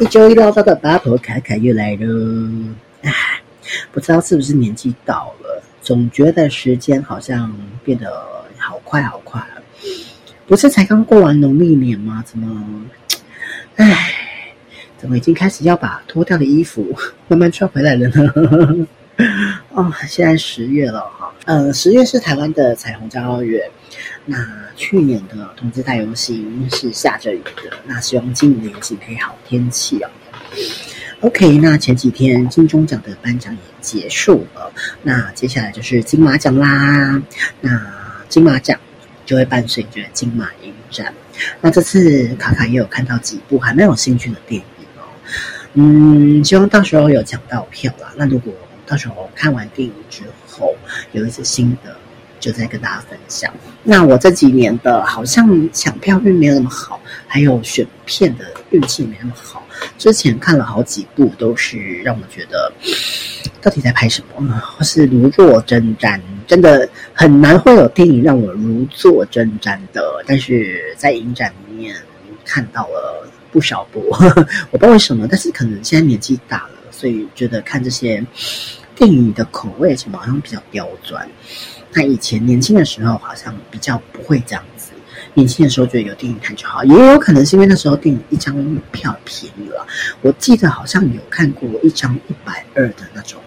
一周一嘮叨的八婆卡卡又來了，唉，不知道是不是年紀到了，總覺得時間好像變得好快好快。不是才剛過完農曆年嗎？怎麼，唉，怎麼已經開始要把脫掉的衣服慢慢穿回來了呢？呵呵哦，現在十月了哈，嗯，十月是台灣的彩虹驕傲月。那去年的同志大遊行是下着雨的，那希望今年的遊行可以好天氣哦、啊。OK，那前幾天金鐘獎的頒獎也結束了，那接下來就是金馬獎啦。那金馬獎就會伴隨着金馬影展。那這次卡卡也有看到幾部還蠻有興趣的電影哦，嗯，希望到時候有搶到票啦。那如果到時候看完電影之後有一些心得，就再跟大家分享。那我這幾年的，好像搶票運沒有那麼好，還有選片的運氣也沒有那麼好。之前看了好幾部，都是讓我覺得到底在拍什麼，或是如坐針氈，真的很難會有電影讓我如坐針氈的。但是在影展裡面看到了不少部，我不知道為什麼，但是可能現在年紀大了，所以覺得看這些電影的口味什麼好像比較刁鑽。那以前年輕的時候好像比較不會這樣子，年輕的時候覺得有電影看就好，也有可能是因為那時候電影一張票便宜了。我記得好像有看過一張一百二的那種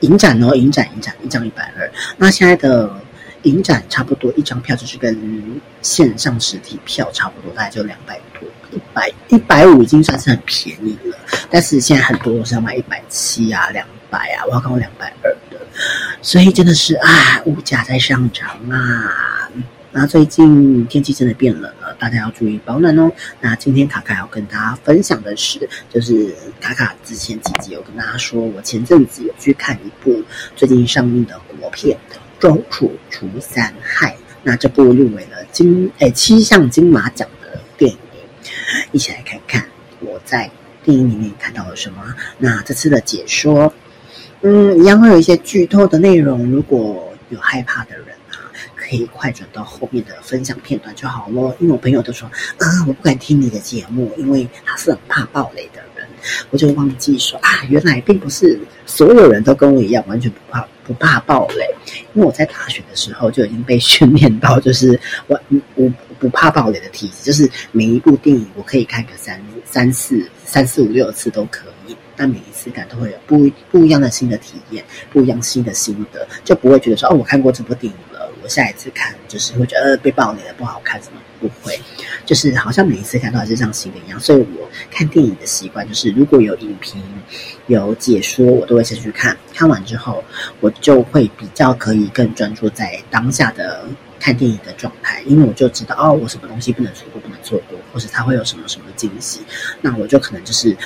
影展哦，影展，影展一張一百二。那現在的影展差不多一張票就是跟線上實體票差不多，大概就兩百多，一百一百五已經算是很便宜了。但是現在很多都是要賣一百七啊，兩百啊，我要看我兩百二。所以真的是啊，物價在上漲啊。那最近天氣真的變冷了，大家要注意保暖哦。那今天卡卡要跟大家分享的是，就是卡卡之前幾集有跟大家說，我前陣子有去看一部最近上映的國片《周處除三害》，那這部入圍了金誒、欸、七項金馬獎的電影，一起來看看我在電影裡面看到了什麼。那這次的解說。嗯，一樣會有一些劇透的內容。如果有害怕的人啊，可以快轉到後面的分享片段就好咯。因為我朋友都說，啊，我不敢聽你的節目，因為他是很怕暴雷的人。我就忘記說啊，原來並不是所有人都跟我一樣完全不怕不怕暴雷。因為我在大學的時候就已經被訓練到，就是我我不，我不怕暴雷的體質，就是每一部電影我可以看個三三四三四五六次都可以。那每一次看都會有不不一樣的新的體驗，不一樣新的心得，就不會覺得說哦，我看過這部電影了，我下一次看就是會覺得，呃，被爆雷了不好看，怎麼不會？就是好像每一次看都還是像新的一樣，所以我看電影的習慣就是如果有影評有解說，我都會先去看，看完之後我就會比較可以更專注在當下的。看電影的狀態，因為我就知道哦，我什麼東西不能錯過，不能錯過，或者他會有什麼什麼驚喜，那我就可能就是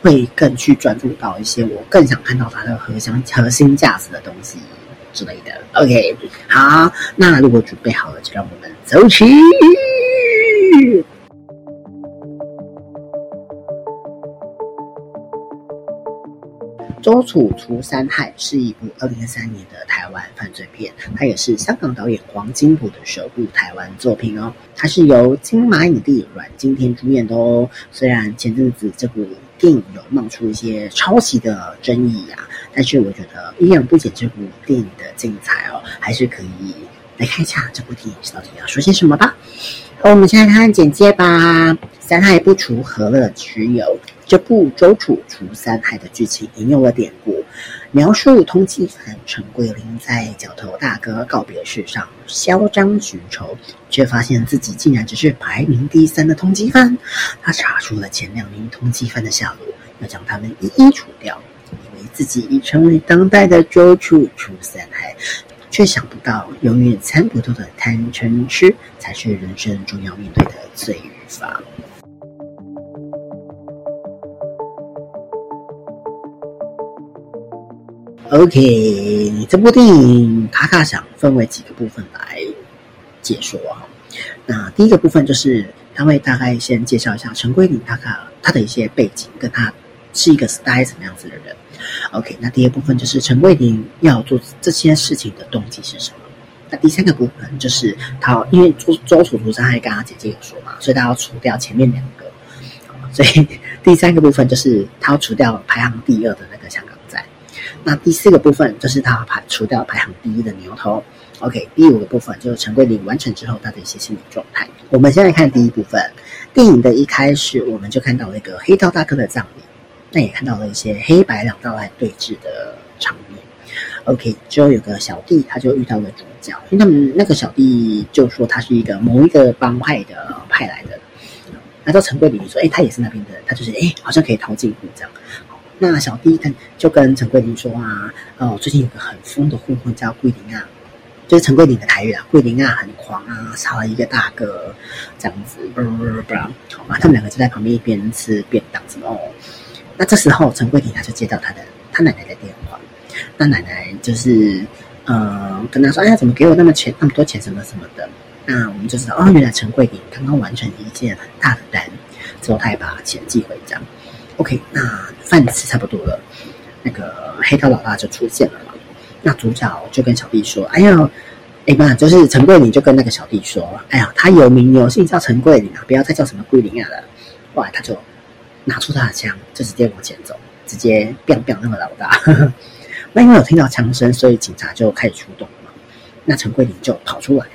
會更去專注到一些我更想看到他的核心核心價值的東西之類的。OK，好，那如果準備好了，就讓我們走起。《周處除三害》是一部二零二三年的台灣犯罪片，它也是香港導演黃精甫的首部台灣作品哦。它是由金馬影帝阮經天主演的哦。雖然前陣子這部電影有冒出一些抄襲的爭議呀、啊，但是我覺得依然不減這部電影的精彩哦，還是可以來看一下這部電影到底要說些什麼吧。好，我們先來看看簡介吧。三害不除，何樂之有？這部《周處除三害》的劇情引用了典故，描述通緝犯陳桂林在“角頭大哥”告別式上囂張尋仇，卻發現自己竟然只是排名第三的通緝犯。他查出了前兩名通緝犯的下落，要將他們一一除掉，以為自己已成為當代的周處除三害，卻想不到永遠參不透的貪嗔癡才是人生重要面對的罪與罰。OK，這部電影卡卡想分為幾個部分來解說啊。那第一個部分就是他會大概先介紹一下陳桂林，他卡他的一些背景，跟他是一個 style 什麼樣子的人。OK，那第二部分就是陳桂林要做這些事情的動機是什麼？那第三個部分就是他因為周周處除三害跟他姐姐有說嘛，所以他要除掉前面兩個，所以第三個部分就是他要除掉排行第二的。那第四個部分就是他排除掉排行第一的牛頭。OK，第五個部分就是陳桂林完成之後他的一些心理狀態。我們先來看第一部分，電影的一開始我們就看到那個黑道大哥的葬禮，那也看到了一些黑白兩道來對峙的場面。OK，之後有個小弟他就遇到了主角，那麼那個小弟就說他是一個某一個幫派的派來的，那到陳桂林說，哎、欸，他也是那邊的，他就是哎、欸，好像可以套近乎這樣。那小弟他就跟陳桂林說啊，呃、哦，最近有個很瘋的混混叫桂林啊，就是陳桂林的台語啊，桂林啊很狂啊，殺了一個大哥這樣子，好嘛，他們兩個就在旁邊一邊吃便當什麼、哦。那這時候陳桂林他就接到他的他奶奶的電話，那奶奶就是呃跟他說，哎呀，怎麼給我那麼錢那麼多錢什麼什麼的？那我們就知道哦，原來陳桂林剛剛完成一件很大的單，之後他也把錢寄回家。OK，那飯吃差不多了，那個黑道老大就出現了嘛。那主角就跟小弟說：“哎呀，哎媽，就是陳桂林，就跟那個小弟說：‘哎呀，他有名有姓叫陳桂林啊，不要再叫什麼桂林啊了。’”後來他就拿出他的槍，就直接往前走，直接砰砰那個老大。 那因為有聽到槍聲，所以警察就開始出動了嘛。那陳桂林就跑出來，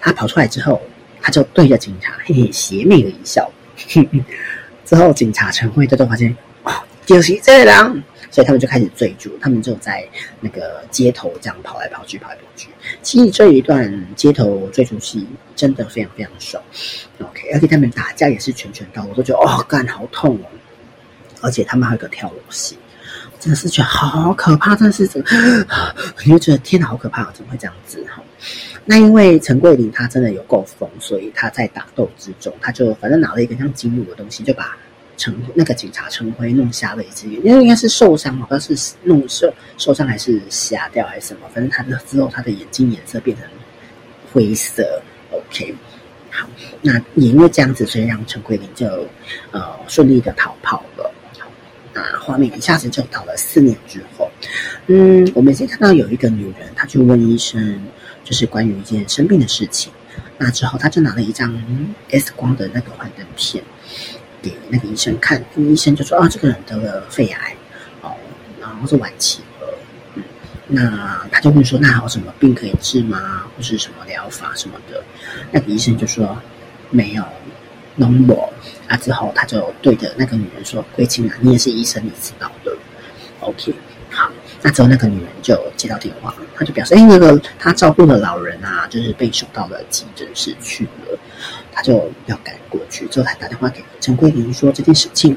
他跑出來之後，他就對着警察嘿嘿邪魅的一笑。 之後，警察陳慧在都發現，哦，就是這狼，所以他們就開始追逐，他們就在那個街頭這樣跑來跑去，跑來跑去。其實這一段街頭追逐戲真的非常非常爽，OK。而且他們打架也是拳拳到肉，我都覺得哦，幹好痛哦。而且他們還有個跳樓戲，真的是覺得好可怕，真的是怎麼你、啊、就覺得天哪好可怕，怎麼會這樣子哈？那因為陳桂林他真的有夠瘋，所以他在打鬥之中，他就反正拿了一個像金鹿的東西，就把陳那個警察陳灰弄瞎了一只眼，因為應該是受傷好像是弄受受傷還是瞎掉還是什麼，反正他的之後他的眼睛顏色變成灰色。OK，好，那也因為這樣子，所以讓陳桂林就呃順利的逃跑了。好，那畫面一下子就到了四年之後，嗯，我們先看到有一個女人，她去問醫生。就是關於一件生病的事情，那之後他就拿了一張 X 光的那個幻燈片給那個醫生看，那個醫生就說：“啊，這個人得了肺癌，哦，然後是晚期的，嗯，那他就問說：那還有什麼病可以治嗎？或是什麼療法什麼的？那個醫生就說沒有，no more, 那之後他就對着那個女人說：貴清啊，你也是醫生，你知道的，OK。”那之後，那個女人就接到電話，她就表示：“哎、欸，那個她照顧的老人啊，就是被送到了急診室去了，她就要趕過去。”之後，她打電話給陳桂林說這件事情。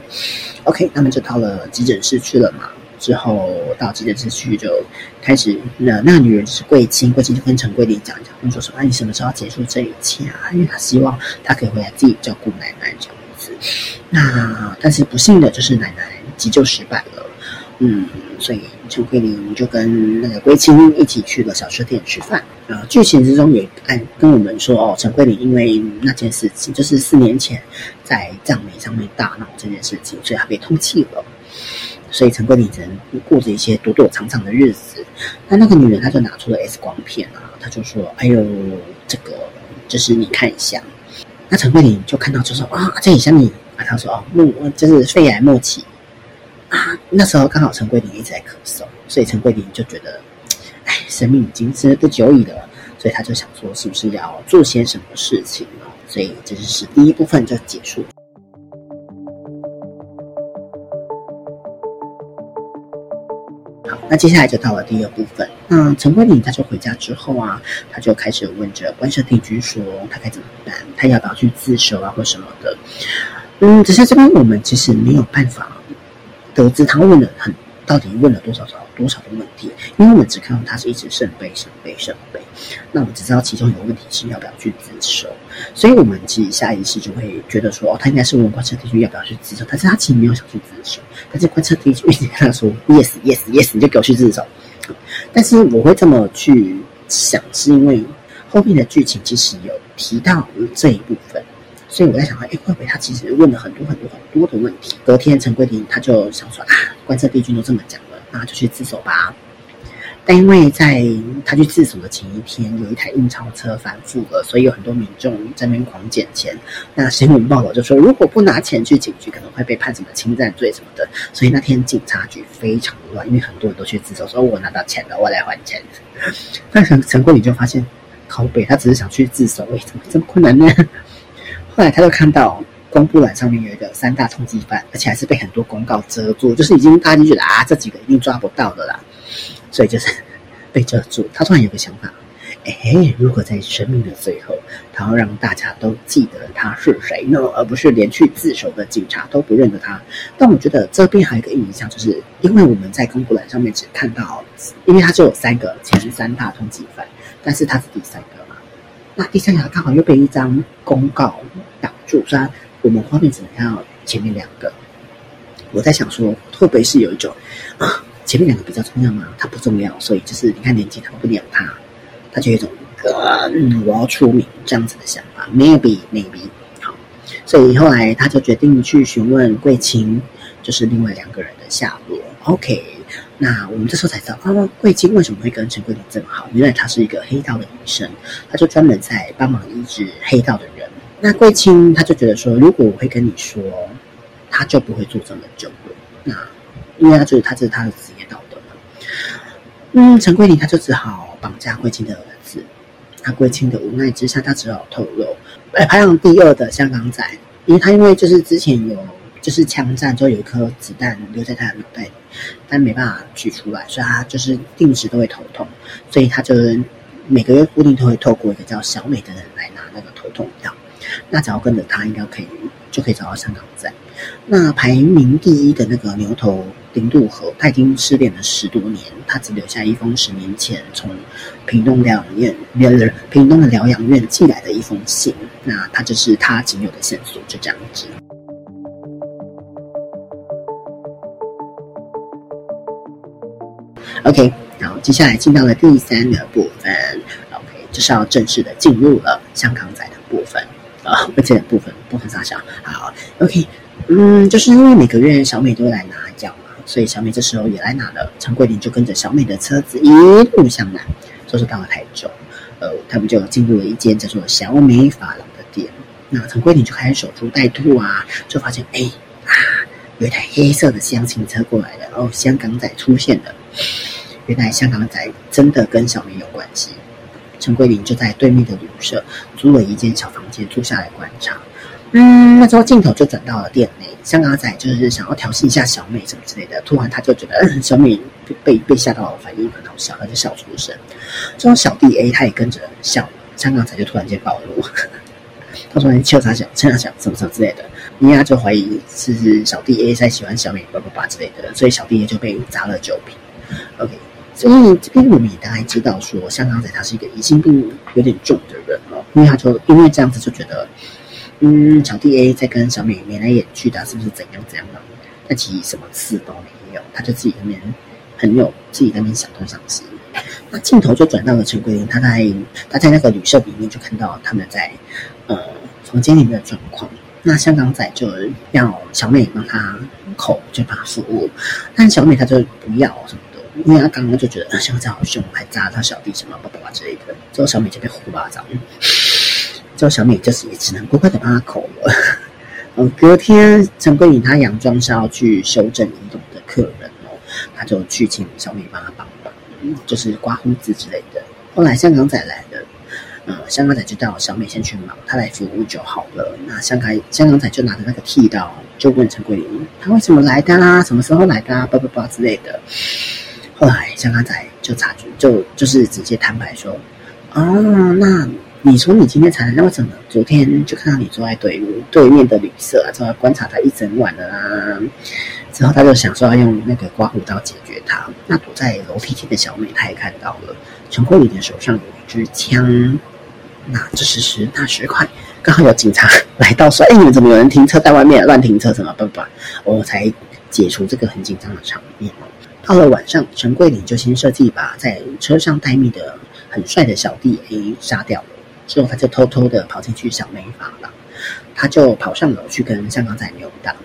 OK，那麼就到了急診室去了嘛？之後到急診室去就開始，那那個女人就是貴卿，貴卿就跟陳桂林講講，跟他說說：“哎、啊，你什麼時候要結束這一切啊？因為他希望他可以回來，自己照顧奶奶這樣子。那”那但是不幸的就是奶奶急救失敗了，嗯，所以。陳桂林就跟那個貴卿一起去個小吃店吃飯，然後劇情之中也按跟我們說哦，陳桂林因為那件事情，就是四年前在葬禮上面大鬧這件事情，所以他被通緝了，所以陳桂林只能過着一些躲躲藏藏的日子。那那個女人她就拿出了 X 光片啊，她就說：“哎呦，這個就是你看一下。”那陳桂林就看到就說：“啊，這很像你啊。”他說：“哦，我就是肺癌末期。”啊，那時候剛好陳桂林一直在咳嗽，所以陳桂林就覺得，哎，生命已經是不久矣了，所以他就想說，是不是要做些什麼事情呢？所以這就是第一部分就結束。好，那接下來就到了第二部分。那陳桂林他就回家之後啊，他就開始問着關聖帝君說，他該怎麼辦？他要不要去自首啊，或什麼的？嗯，只是這邊我們其實沒有辦法。得知他問了很，到底問了多少少多少的問題，因為我們只看到他是一直聖杯聖杯聖杯，那我只知道其中有個問題是要不要去自首，所以我們其實下意識就會覺得說哦，他應該是問我關聖帝君要不要去自首，但是他其實沒有想去自首，但是關聖帝君一直跟他說 yes yes yes，你就給我去自首，嗯。但是我會這麼去想，是因為後面的劇情其實有提到這一部分。所以我在想說哎、欸，會不會他其實問了很多很多很多的問題？隔天，陳桂林他就想說：“啊，觀測帝君都這麼講了，那他就去自首吧。”但因為在他去自首的前一天，有一台印鈔車翻覆了，所以有很多民眾在那邊狂撿錢。那新聞報道就說，如果不拿錢去警局，可能會被判什麼侵占罪什麼的。所以那天警察局非常亂，因為很多人都去自首，說：“我拿到錢了，我來還錢。”但陳桂林就發現，靠北他只是想去自首、欸，哎，怎麼這麼困難呢？後來他就看到公布欄上面有一個三大通緝犯，而且還是被很多公告遮住，就是已經大家就覺得啊，這幾個一定抓不到的啦，所以就是被遮住。他突然有個想法，哎、欸，如果在生命的最後，他要讓大家都記得他是誰呢？而不是連去自首的警察都不認得他。但我覺得這邊還有一個印象，就是因為我們在公布欄上面只看到，因為他只有三個前三大通緝犯，但是他是第三個。那第三條剛好又被一張公告擋住，所以，我們畫面只能看到前面兩個，我在想說，會不會是有一種、啊，前面兩個比較重要嗎？它不重要，所以就是你看年紀他不鳥他，他就有一種、呃，嗯，我要出名這樣子的想法，maybe maybe 好，所以後來他就決定去詢問貴卿，就是另外兩個人的下落，OK。那我們這時候才知道，那桂清為什麼會跟陳桂林這麼好？原來她是一個黑道的醫生，她就專門在幫忙醫治黑道的人。那桂清他就覺得說，如果我會跟你說，他就不會做這麼久。那因為他覺得、就是，他這是他的職業道德嘛。嗯，陳桂林他就只好綁架桂清的兒子。那桂清的無奈之下，他只好透露，哎，排行第二的香港仔，因為他因為就是之前有。就是槍戰之後有一顆子彈留在他的腦袋裡，但沒辦法取出來，所以他就是定時都會頭痛，所以他就每個月固定都會透過一個叫小美的人來拿那個頭痛藥。那只要跟着他，應該可以就可以找到香港仔。那排名第一的那個牛頭林祿和，他已經失聯了十多年，他只留下一封十年前從屏東療養院療人屏東的療養院寄來的一封信。那他就是他僅有的線索，就這樣子。OK，然後接下來進到了第三個部分，OK，就是要正式的進入了香港仔的部分啊，而、哦、且部分部分大小好，OK，嗯，就是因為每個月小美都來拿藥嘛，所以小美這時候也來拿了，陳桂林就跟着小美的車子一路向南，就是到了台中，呃，他們就進入了一間叫做小美髮廊的店，那陳桂林就開始守株待兔啊，就發現哎啊，有一台黑色的廂型車過來了，然後香港仔出現了。原來香港仔真的跟小美有關係。陳桂林就在對面的旅社租了一間小房間住下來觀察。嗯，那時候鏡頭就轉到了店內，香港仔就是想要調戲一下小美什麼之類的。突然他就覺得小美被被嚇到了，反應很好笑，他就笑出聲。這種小弟 A 他也跟着笑，香港仔就突然間暴露。他說：“你笑啥，想，這樣想什麼什麼之類的。”你呀就懷疑是小弟 A 在喜歡小美，叭叭叭之類的，所以小弟 A 就被砸了酒瓶。OK，所以這邊我們也大概知道說，說香港仔他是一個疑心病有點重的人哦，因為他就因為這樣子就覺得，嗯，小弟 A 在跟小美眉來眼去的，是不是怎樣怎樣的？但其實什麼事都沒有，他就自己那邊很有自己那邊想東想西。那鏡頭就轉到了陳桂林，他在他在那個旅社裡面就看到他們在呃房間裡面的狀況。那香港仔就要小美幫他口，就幫他服務，但小美她就不要什麼。因為他剛剛就覺得，香港仔好兇，還扎他小弟什麼，爸爸叭之類的。之後，小美就被呼巴掌，之、嗯、後小美就是也只能乖乖的幫他扣了、嗯。隔天，陳桂林她佯裝是要去修正移動的客人哦，她就去請小美幫他幫忙、嗯，就是刮鬍子之類的。後來，香港仔來了，嗯，香港仔就到，小美先去忙，他來服務就好了。那香港，香港仔就拿着那個剃刀，就問陳桂林他為什麼來的啊？什麼時候來的啊？爸爸叭之類的。後來，香港仔就察覺，就就是直接攤牌說，哦，那你說你今天才來，那為什麼？昨天就看到你坐在對對面的旅社啊，正要觀察他一整晚了啦。之後他就想說要用那個刮鬍刀解決他。那躲在樓梯間的小美她也看到了，陳桂林的手上有一支槍。那這時遲那時快，剛好有警察來到說，哎、欸，你們怎麼有人停車在外面亂、啊、停車？怎麼辦吧，我才解除這個很緊張的場面。到了晚上，陳桂林就先設計把在車上待命的很帥的小弟 A 殺掉了，之後他就偷偷的跑進去小美房了。他就跑上樓去跟香港仔扭打。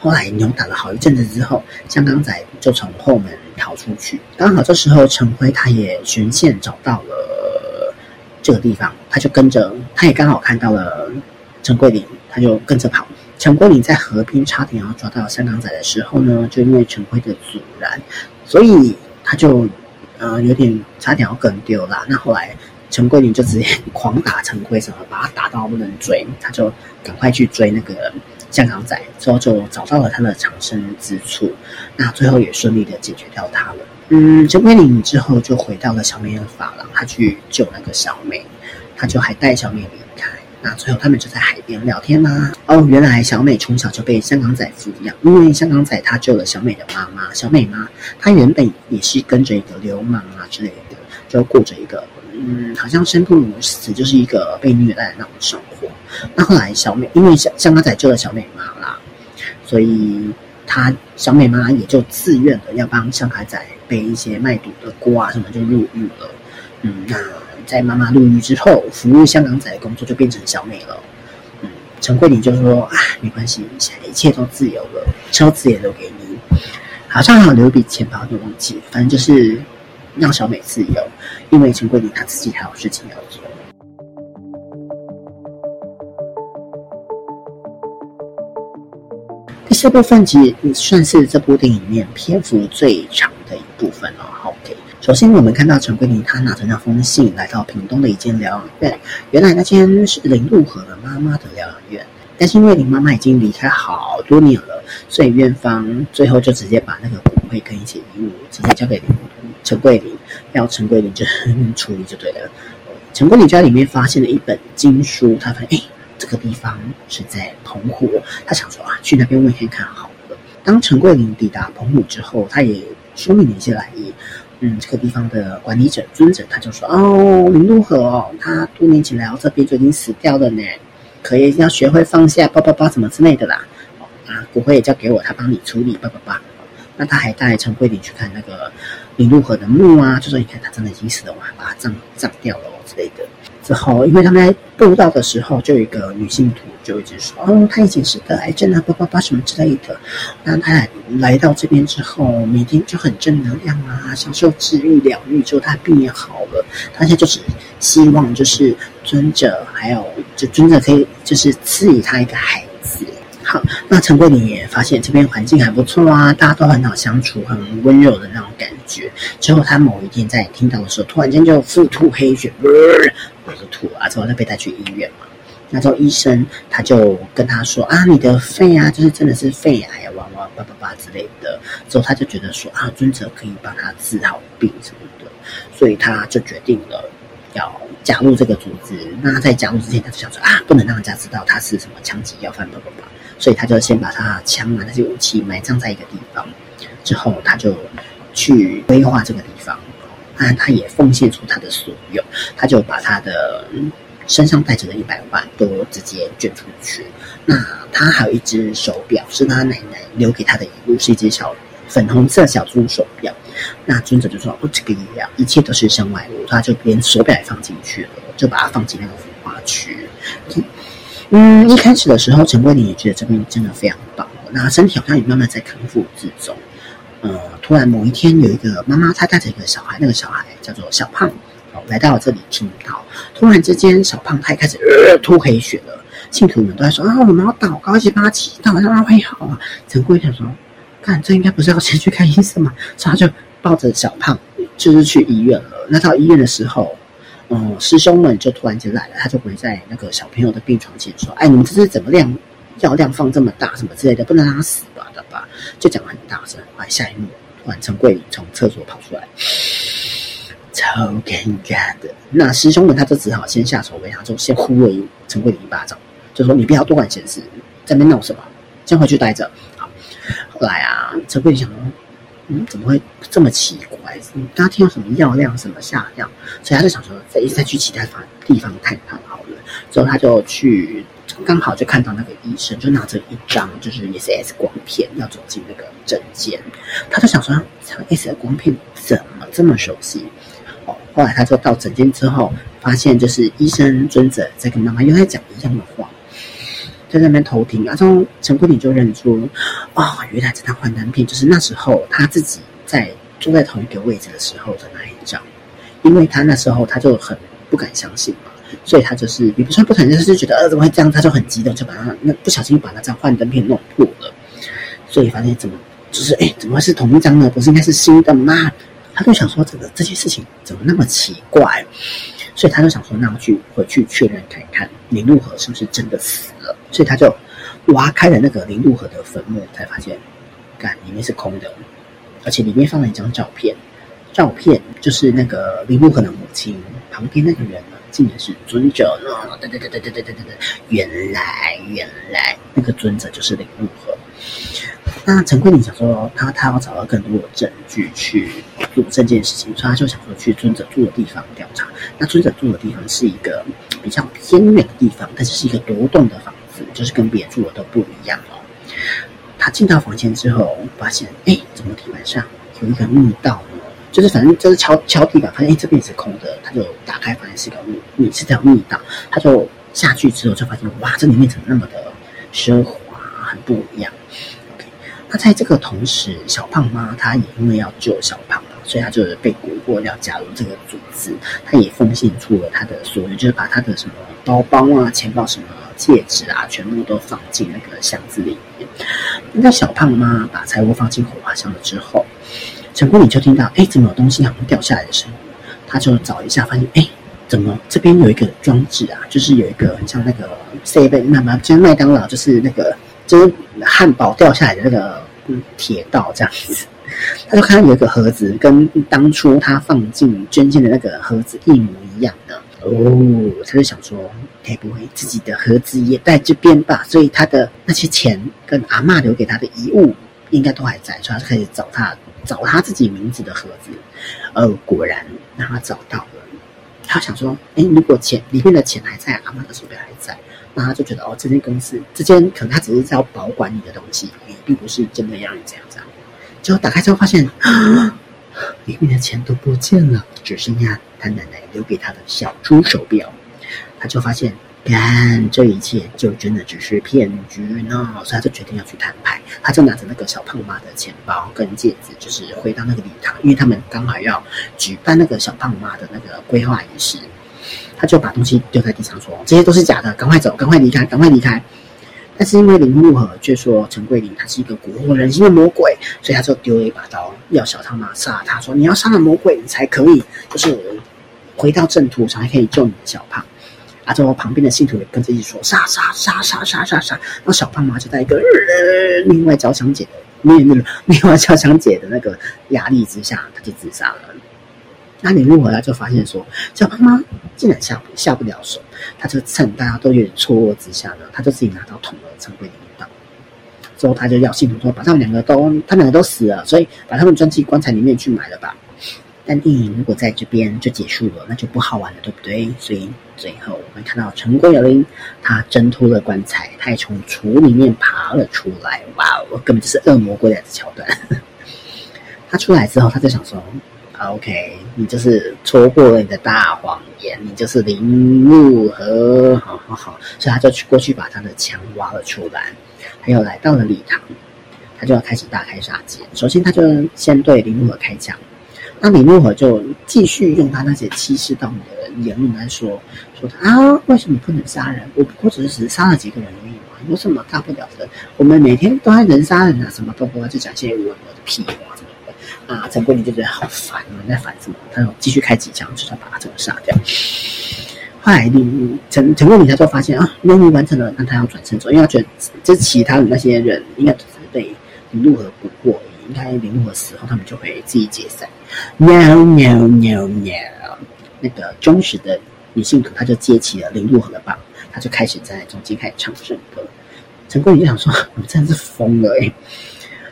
後來扭打了好一陣子之後，香港仔就從後門逃出去。剛好這時候陳輝他也循線找到了這個地方，他就跟着，他也剛好看到了陳桂林，他就跟着跑。陳桂林在河邊差點要抓到香港仔的時候呢，就因為陳灰的阻攔，所以他就呃有點差點要跟丟了。那後來陳桂林就直接狂打陳灰，把他打到不能追，他就趕快去追那個香港仔，之後就找到了他的藏身之處。那最後也順利的解決掉他了。嗯，陳桂林之後就回到了小美的髮廊，他去救那個小美，他就還帶小美。那最後他們就在海邊聊天啦、啊。哦，原來小美從小就被香港仔撫養，因為香港仔他救了小美的媽媽小美媽，她原本也是跟着一個流氓啊之類的，就過着一個嗯，好像生不如死，就是一個被虐待的那種生活。那後來小美因為香香港仔救了小美媽啦，所以她小美媽也就自願的要幫香港仔背一些賣毒的鍋啊什麼，就入獄了。嗯，那。在媽媽入獄之後，服務香港仔的工作就變成小美了。嗯，陳桂林就說：“啊，沒關係，一切一切都自由了，車子也留給你，好像還有留筆錢，把我都忘記。反正就是讓小美自由，因為陳桂林他自己還有事情要做。”第四部分其實也算是這部電影裡面篇幅最長的一部分了哦。首先，我們看到陳桂林，他拿着那封信來到屏東的一間療養院。原來那間是林露和媽媽的媽媽的療養院，但是因為林媽媽已經離開好多年了，所以院方最後就直接把那個骨灰跟一些遺物直接交給陳桂林，要陳桂林就處理就對了。陳、呃、陳桂林家裡面發現了一本經書，他發現哎，這個地方是在澎湖，他想說啊，去那邊問一下看好了。當陳桂林抵達澎湖之後，他也說明了一些來意。嗯，這個地方的管理者尊者他就說哦，林祿和哦，他多年前來到、哦、這邊，就已經死掉了呢。可以一定要學會放下，叭叭叭什麼之類的啦。哦，啊，骨灰也交給我，他幫你處理，叭叭叭。那他還帶陳桂林去看那個林祿和的墓啊，就說你看他真的已經死了，我還把他葬葬掉了、哦、之類的。之後，因為他們在布道的時候，就有一個女信徒就一直說：“哦、嗯，她以前是得癌症啊，八八八什麼之類的。”那她來到這邊之後，每天就很正能量啊，享受治癒療癒之後，她病也好了。她現在就是希望就是尊者，還有就尊者可以就是賜予她一個孩子。好，那陳桂林也發現這邊環境還不錯啊，大家都很好相處，很溫柔的那種感覺。之後，他某一天在聽到的時候，突然間就腹吐黑血。呃啊，之後他被帶去醫院嘛，那之後醫生他就跟他說啊，你的肺啊，就是真的是肺癌啊，哇哇叭叭叭之類的，之後他就覺得說啊，尊者可以幫他治好病什麼的，所以他就決定了要加入這個組織。那在加入之前，他就想說啊，不能讓人家知道他是什麼槍擊要犯，叭叭叭，所以他就先把他槍啊那些武器埋葬在一個地方，之後他就去規劃這個地方。然他也奉獻出他的所有，他就把他的身上帶着的一百萬都直接捐出去。那他還有一隻手錶，是他奶奶留給他的遺物，是一隻小粉紅色小豬手錶。那尊者就說：“哦，這個一樣，一切都是身外物。”他就連手錶也放進去了，就把它放進那個孵化區。嗯，一開始的時候，陳桂林也覺得這邊真的非常棒，那身體好像也慢慢在康復之中。呃、嗯，突然某一天，有一個媽媽，她帶着一個小孩，那個小孩叫做小胖，哦、來到這裡聽道，突然之間，小胖他也開始、呃、吐黑血了。信徒們都在說：“啊，我們要禱告，一起幫他禱告，讓他會好啊。”陳貴想說：“看，這應該不是要先去看醫生嗎？”所以他就抱着小胖，就是去醫院了。那到醫院的時候，嗯，師兄們就突然間來了，他就圍在那個小朋友的病床前說：“哎，你們這是怎麼量藥量放這麼大？什麼之類的，不能拉屎。”就講很大聲，快！下一幕突然陳桂林從廁所跑出來，嗯、超尷尬的。那師兄們他就只好先下手為強，他就先忽略陳桂林一巴掌，就說你不要多管閒事，在那鬧什麼，先回去待着。後來啊，陳桂林想說，嗯，怎麼會這麼奇怪？大家聽到什麼藥量，什麼下藥？所以他就想說，再再去其他地方看看好了。之後他就去。剛好就看到那個醫生就拿着一張，就是也是 X 光片，要走進那個診間，他就想說，這張 X 光片怎麼這麼熟悉？哦，後來他就到診間之後，發現就是醫生尊者在跟媽媽又在講一樣的話，就在那邊偷聽，然後陳桂林就認出，哦，原來這張幻燈片就是那時候他自己在坐在同一個位置的時候的那一張，因為他那時候他就很不敢相信。所以他就是，也不算不承認，就是覺得呃、啊，怎麼會這樣？他就很激動，就把他那不小心把那張幻燈片弄破了。所以發現怎麼，就是哎、欸，怎麼會是同一張呢？不是應該是新的嗎？他就想說，這個這些事情怎麼那麼奇怪？所以他就想說，那我去回去確認看一看林祿和是不是真的死了。所以他就挖開了那個林祿和的墳墓，才發現，看裡面是空的，而且裡面放了一張照片，照片就是那個林祿和的母親旁邊那個人、啊。竟然是尊者，對對對對對對對對對，原來原來那個尊者就是林木和。那陳桂林想說，他他要找到更多的證據去做這件事情，所以他就想說去尊者住的地方調查。那尊者住的地方是一個比較偏遠的地方，但是是一個獨棟的房子，就是跟別處的都不一樣哦。他進到房間之後，發現哎，怎麼地板上有一個密道？就是反正就是敲敲地板，發現哎、欸、這邊也是空的，他就打開發現是個，是個密，是條密道，他就下去之後就發現哇，這裡面怎麼那麼的奢華，很不一樣。OK，那在這個同時，小胖媽她也因為要救小胖，所以她就是被蠱惑要加入這個組織，她也奉獻出了她的所有，就是把她的什麼包包啊、錢包、什麼戒指啊，全部都放進那個箱子裡面。那小胖媽把財物放進火花箱了之後。成功你就聽到，哎、欸，怎麼有東西好像掉下來的聲音？他就找一下，發現，哎、欸，怎麼這邊有一個裝置啊？就是有一個像那個 Seven 媽媽，就是麥當勞，就是那個就是漢堡掉下來的那個嗯鐵道這樣子。他就看到有一個盒子，跟當初他放進捐獻的那個盒子一模一樣的哦。他就想說，哎、欸，不會自己的盒子也在這邊吧？所以他的那些錢跟阿嬤留給他的遺物應該都還在，所以他是可以找他。找他自己名字的盒子，呃，果然讓他找到了。他想說，哎，如果錢裡面的錢還在，阿嬤的手錶還在，那他就覺得，哦，這間公司，這間可能他只是在保管你的東西，你並不是真的要你這樣這樣。結果打開之後發現，啊，裡面的錢都不見了，只剩下他奶奶留給他的小豬手錶。他就發現。然而這一切，就真的只是騙局呢，所以他就決定要去攤牌。他就拿着那個小胖媽的錢包跟戒指，就是回到那個禮堂，因為他們剛好要舉辦那個小胖媽的那個規劃儀式。他就把東西丟在地上，說：“這些都是假的，趕快走，趕快離開，趕快離開。”但是因為林木和卻說陳桂林他是一個蠱惑人心的魔鬼，所以他就丟了一把刀要小胖媽殺他，說：“你要殺了魔鬼你才可以，就是回到正途上，才可以救你的小胖。”然、啊、後旁邊的信徒也跟着就說：“殺殺殺殺殺殺殺！”後小胖媽就在一個另、呃呃、外交強姐的、另外交強姐的那個壓力之下，她就自殺了。那林祿和回來就發現說，小胖媽竟然下不下不了手，他就趁大家都有點錯愕之下呢，他就自己拿刀捅了陳桂林一刀。之後他就要信徒說：“把他們兩個都，他們兩個都死了，所以把他們裝進棺材裡面去埋了吧。”但電影如果在這邊就結束了，那就不好玩了，對不對？所以。最後，我們看到陳桂林，他掙脫了棺材，他也從土裡面爬了出來。哇哦，我根本就是惡魔歸來之橋段。 他出來之後，他就想說：“OK，你就是戳破了你的大謊言，你就是林祿和好好好。”所以他就去過去把他的槍挖了出來，還有來到了禮堂，他就要開始大開殺戒。首先，他就先對林祿和開槍。那林祿和就繼續用他那些欺世盜名的言論來說，說他啊，為什麼不能殺人？我我只是只是殺了幾個人而已嘛，有什麼大不了的？我們每天都還人殺人啊，什麼都不會就講些無謂的屁話、啊、什麼的。啊，陳桂林就覺得好煩啊，在煩什麼？他要繼續開幾槍，就算把他整個殺掉。後來，陳陳桂林才就發現啊，任務完成了，那他要轉身走，因為他覺得這其他的那些人應該只是被林祿和蠱惑，應該祿和的時候，他們就會自己解散。喵喵喵喵，喵，那個忠實的女信徒，她就接起了祿和的棒，她就開始在中間開始唱首歌。陳冠宇就想說，你們真的是瘋了哎、欸！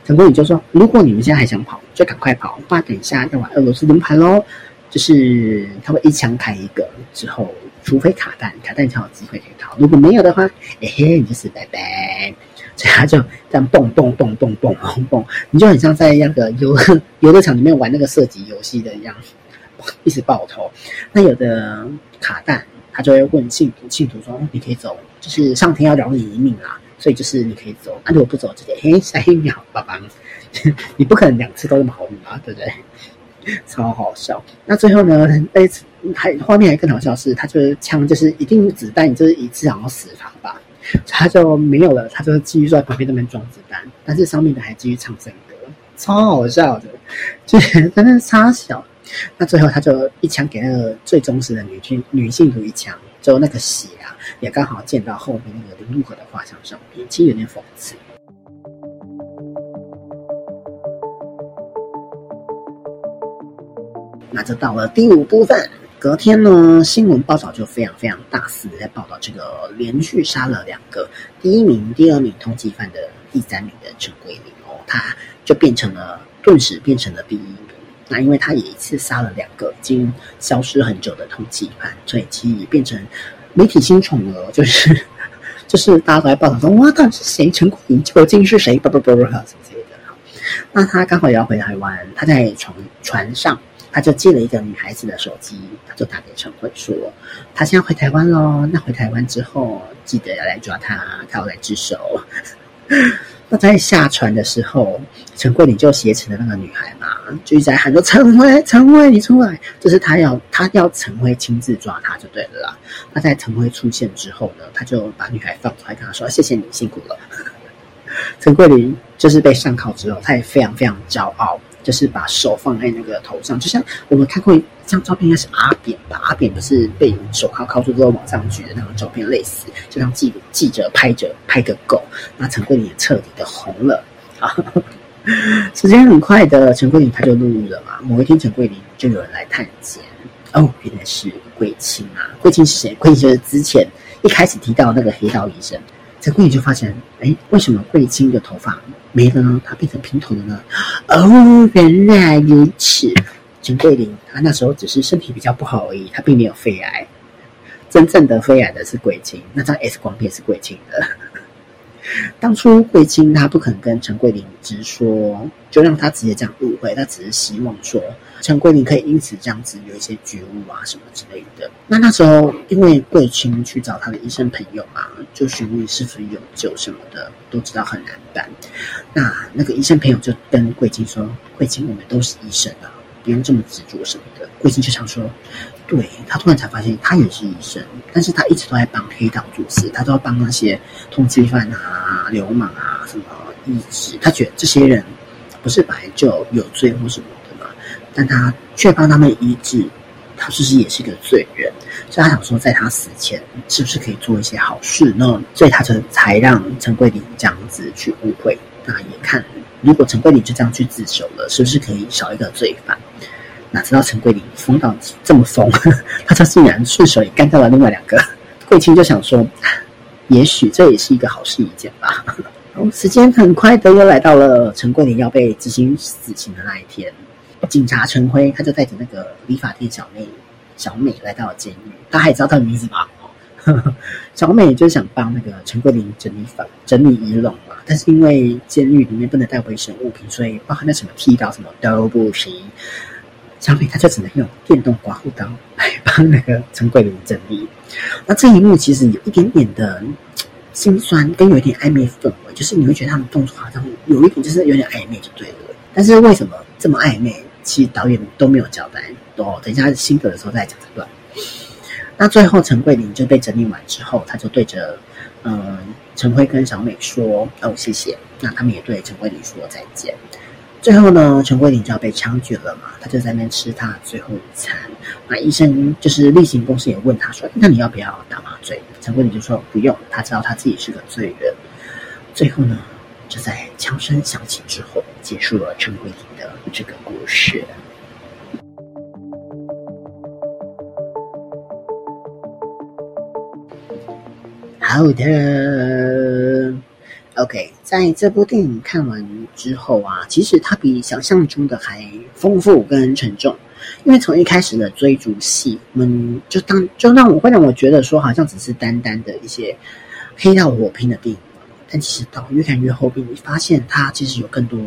陳冠宇就說，如果你們現在還想跑，就趕快跑，不然等一下要玩俄羅斯輪盤嘍。就是他會一槍開一個，之後除非卡彈，卡彈才有機會可以逃。如果沒有的話，嘿、哎、嘿，你就是拜拜。所以他就這樣蹦蹦蹦蹦蹦蹦，你就很像在那個游遊樂場裡面玩那個射擊遊戲的一樣，一直爆頭。那有的卡彈，他就會問信徒，信徒說：“你可以走，就是上天要饒你一命啊！”所以就是你可以走啊，那如果不走，直接嘿下一秒，爸爸，你不可能兩次都那麼好運啊，對不對？超好笑。那最後呢？哎，還畫面還更好笑是，他就是槍就是一定子彈，就是一次然後死他吧。他就沒有了，他就是繼續在旁邊那邊裝子彈，但是上面的還繼續唱聖歌，超好笑的，就是真的是差小。那最後他就一槍給那個最忠實的女性女性組一槍，就那個血啊，也剛好濺到後面那個林祿和的畫像上，其實有點諷刺。那就到了第五部分。昨天呢，新聞報道就非常非常大肆在報道這個連續殺了兩個第一名、第二名通緝犯的第三名的陳桂林哦，他就變成了，頓時變成了第一名。那因為他也一次殺了兩個已經消失很久的通緝犯，所以其實也變成媒體新寵了，就是就是大家都在報道說，哇，到底是誰？陳桂林究竟是誰？叭叭叭叭，什麼什麼的。那他剛好也要回台灣，他在船船上，他就借了一個女孩子的手機，他就打給陳慧說：“他現在回台灣嘍，那回台灣之後記得要來抓他，他要來自首。 ”那在下船的時候，陳桂林就挾持了那個女孩嘛，就一直在喊說：“陳慧，陳慧，你出來！”就是他要他要陳慧親自抓他就對了。那在陳慧出現之後呢，他就把女孩放出來，跟他說：“謝謝你，辛苦了。 ”陳桂林就是被上銬之後，他也非常非常驕傲。就是把手放在那個頭上，就像我們看過一張照片，應該是阿扁吧，阿扁不是被手銬銬住之後往上舉的那個照片類似，就讓記記者拍着拍個夠。那陳桂林也徹底的紅了。時間很快的，陳桂林他就入獄了嘛。某一天，陳桂林就有人來探監。哦，原來是貴卿啊。貴卿是誰？貴卿就是之前一開始提到那個黑道醫生。陳桂林就發現，哎，為什麼貴卿的頭髮沒了呢？他變成平頭的呢？哦，原來如此，陳桂林他那時候只是身體比較不好而已，他並沒有肺癌。真正的肺癌的是貴卿，那張 X 光片是貴卿的。當初貴卿他不肯跟陳桂林直說，就讓他直接這樣誤會，他只是希望說。陳桂林可以因此這樣子有一些覺悟啊，什麼之類的。那那時候，因為貴卿去找他的醫生朋友嘛，就詢問是否有救什麼的，都知道很難辦。那那個醫生朋友就跟貴卿說：“貴卿，我們都是醫生啊，不用這麼執着什麼的。”貴卿就想說：“對。”他突然才發現，他也是醫生，但是他一直都在幫黑道做事，他都要幫那些通緝犯啊、流氓啊什麼，一直他覺得這些人不是本來就有罪或什麼。但他卻幫他們醫治，他其實也是一個罪人，所以他想說，在他死前，是不是可以做一些好事？那所以他才才讓陳桂林這樣子去誤會，那也看如果陳桂林就這樣去自首了，是不是可以少一個罪犯？哪知道陳桂林瘋到這麼瘋，他竟然順手也幹掉了另外兩個。桂清就想說，也許這也是一個好事一件吧。然後時間很快的又來到了陳桂林要被執行死刑的那一天。警察陳輝，他就帶着那個理髮店小妹小美來到了監獄，大家也知道他的名字吧？哈哈。小美就想幫那個陳桂林整理髮，整理儀容嘛。但是因為監獄裡面不能帶危險物品，所以包含那什麼剃刀什麼都不行。小美她就只能用電動刮鬍刀來幫那個陳桂林整理。那這一幕其實有一點點的心酸，跟有一點曖昧氛圍，就是你會覺得他們動作好像有一點，就是有點曖昧，就對了。但是為什麼這麼曖昧？其實導演都沒有交代，都、哦、等一下心得的時候再講這段。那最後陳桂林就被整理完之後，他就對着嗯陳輝跟小美說：“哦謝謝。”那他們也對陳桂林說再見。最後呢，陳桂林就要被槍決了嘛，他就在那吃他的最後一餐。那醫生就是例行公事也問他說：“那你要不要打麻醉？”陳桂林就說：“不用。”他知道他自己是個罪人。最後呢，就在槍聲響起之後，結束了陳桂林。這個故事。好的，OK，在這部電影看完之後啊，其實它比想象中的還豐富跟沉重。因為從一開始的追逐戲，我、嗯、就當就讓我會讓我覺得說，好像只是單單的一些黑道火拼的電影，但其實到越看越後邊，你發現它其實有更多。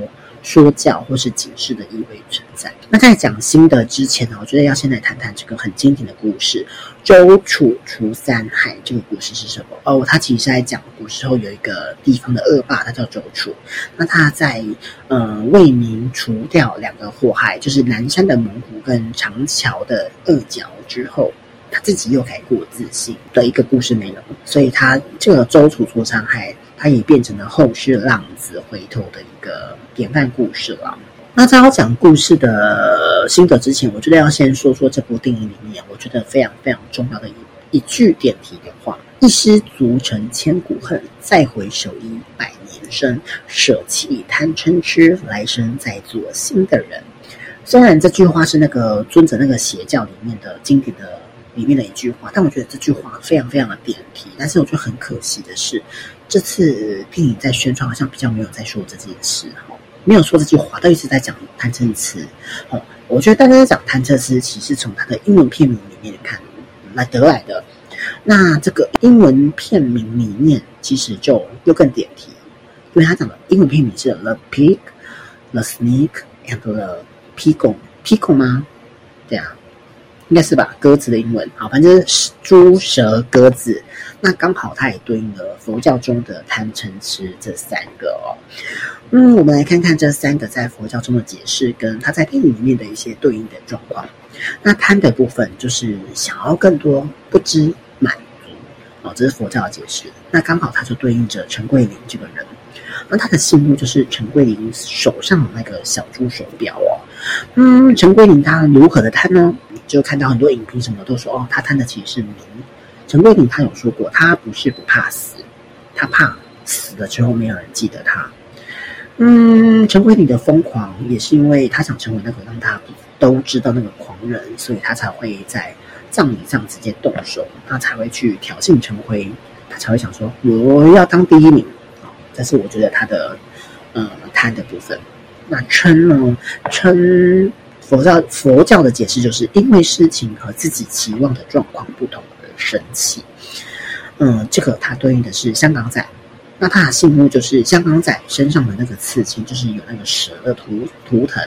說教或是警示的意味存在。那在講新的之前呢，我覺得要先來談談這個很經典的故事——周處除三害。這個故事是什麼？哦，他其實是在講古時候有一個地方的惡霸，他叫周處。那他在呃為民除掉兩個禍害，就是南山的猛虎跟長橋的惡蛟之後，他自己又改過自新的一個故事內容。所以他，他這個周處除三害，他也變成了後世浪子回頭的一個。典範故事了。那在我講故事的心得之前，我覺得要先說說這部電影裡面我覺得非常非常重要的一一句點題的話：“一失足成千古恨，再回首已百年身，捨棄貪嗔痴，來生再做新的人。”雖然這句話是那個尊者那個邪教裡面的經典的裡面的一句話，但我覺得這句話非常非常的點題。但是我覺得很可惜的是，這次電影在宣傳好像比較沒有在說這件事，沒有說這句話，都一直在講貪瞋癡。好，我覺得大家在講貪瞋癡，其實是從他的英文片名裡面來看來得來的。那這個英文片名裡面，其實就又更點題，因為他講的英文片名是《The Pig》，《The Snake》and the《Pigeon》Pigeon 嗎？對啊。應該是吧？鴿子的英文好、哦，反正豬蛇鴿子，那剛好它也對應了佛教中的貪嗔癡這三個哦。嗯，我們來看看這三個在佛教中的解釋，跟它在電影裡面的一些對應的狀況。那貪的部分就是想要更多，不知滿足、嗯、哦，這是佛教的解釋。那剛好它就對應着陳桂林這個人，那他的信物就是陳桂林手上的那個小豬手錶哦。嗯，陳桂林他如何的貪呢？就看到很多影評什麼都說哦，他貪的其實是名。陳桂林他有說過，他不是不怕死，他怕死了之後沒有人記得他。嗯，陳桂林的瘋狂也是因為他想成為那個讓他都知道那個狂人，所以他才會在葬禮上直接動手，他才會去挑釁陳灰，他才會想說，我要當第一名。這是我覺得他的呃貪的部分，那瞋呢瞋？佛教佛教的解釋就是，因為事情和自己期望的狀況不同而生氣。嗯，這個它對應的是香港仔。那他的信物就是香港仔身上的那個刺青，就是有那個蛇的圖圖騰。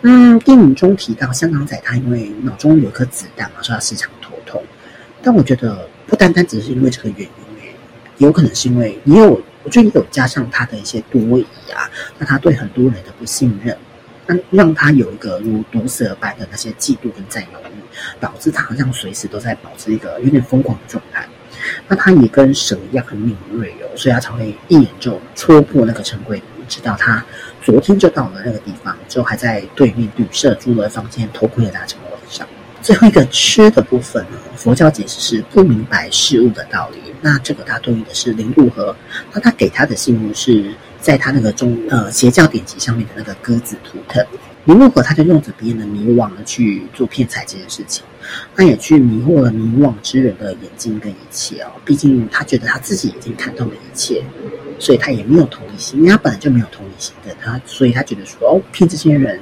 嗯，電影中提到香港仔他因為腦中有顆子彈嘛，所以他時常頭痛。但我覺得不單單只是因為這個原因，哎，有可能是因為也有，我覺得也有加上他的一些多疑啊，那他對很多人的不信任。那讓他有一個如毒蛇般的那些嫉妒跟佔有慾，導致他好像隨時都在保持一個有點瘋狂的狀態。那他也跟蛇一樣很敏銳哦，所以他才會一眼就戳破那個陳桂林，知道他昨天就到了那個地方，就還在對面旅社住的房間偷窺了他整個晚上。最後一個癡的部分呢，佛教解釋是不明白事物的道理。那這個他對應的是林祿和，那他，他給他的信物是，在他那個中呃邪教典籍上面的那個鴿子圖騰，林祿和他就用着別人的迷惘呢去做騙財這件事情，他也去迷惑了迷惘之人的眼睛跟一切哦。畢竟他覺得他自己已經看透了一切，所以他也沒有同理心，因為他本來就沒有同理心的他，所以他覺得說哦騙這些人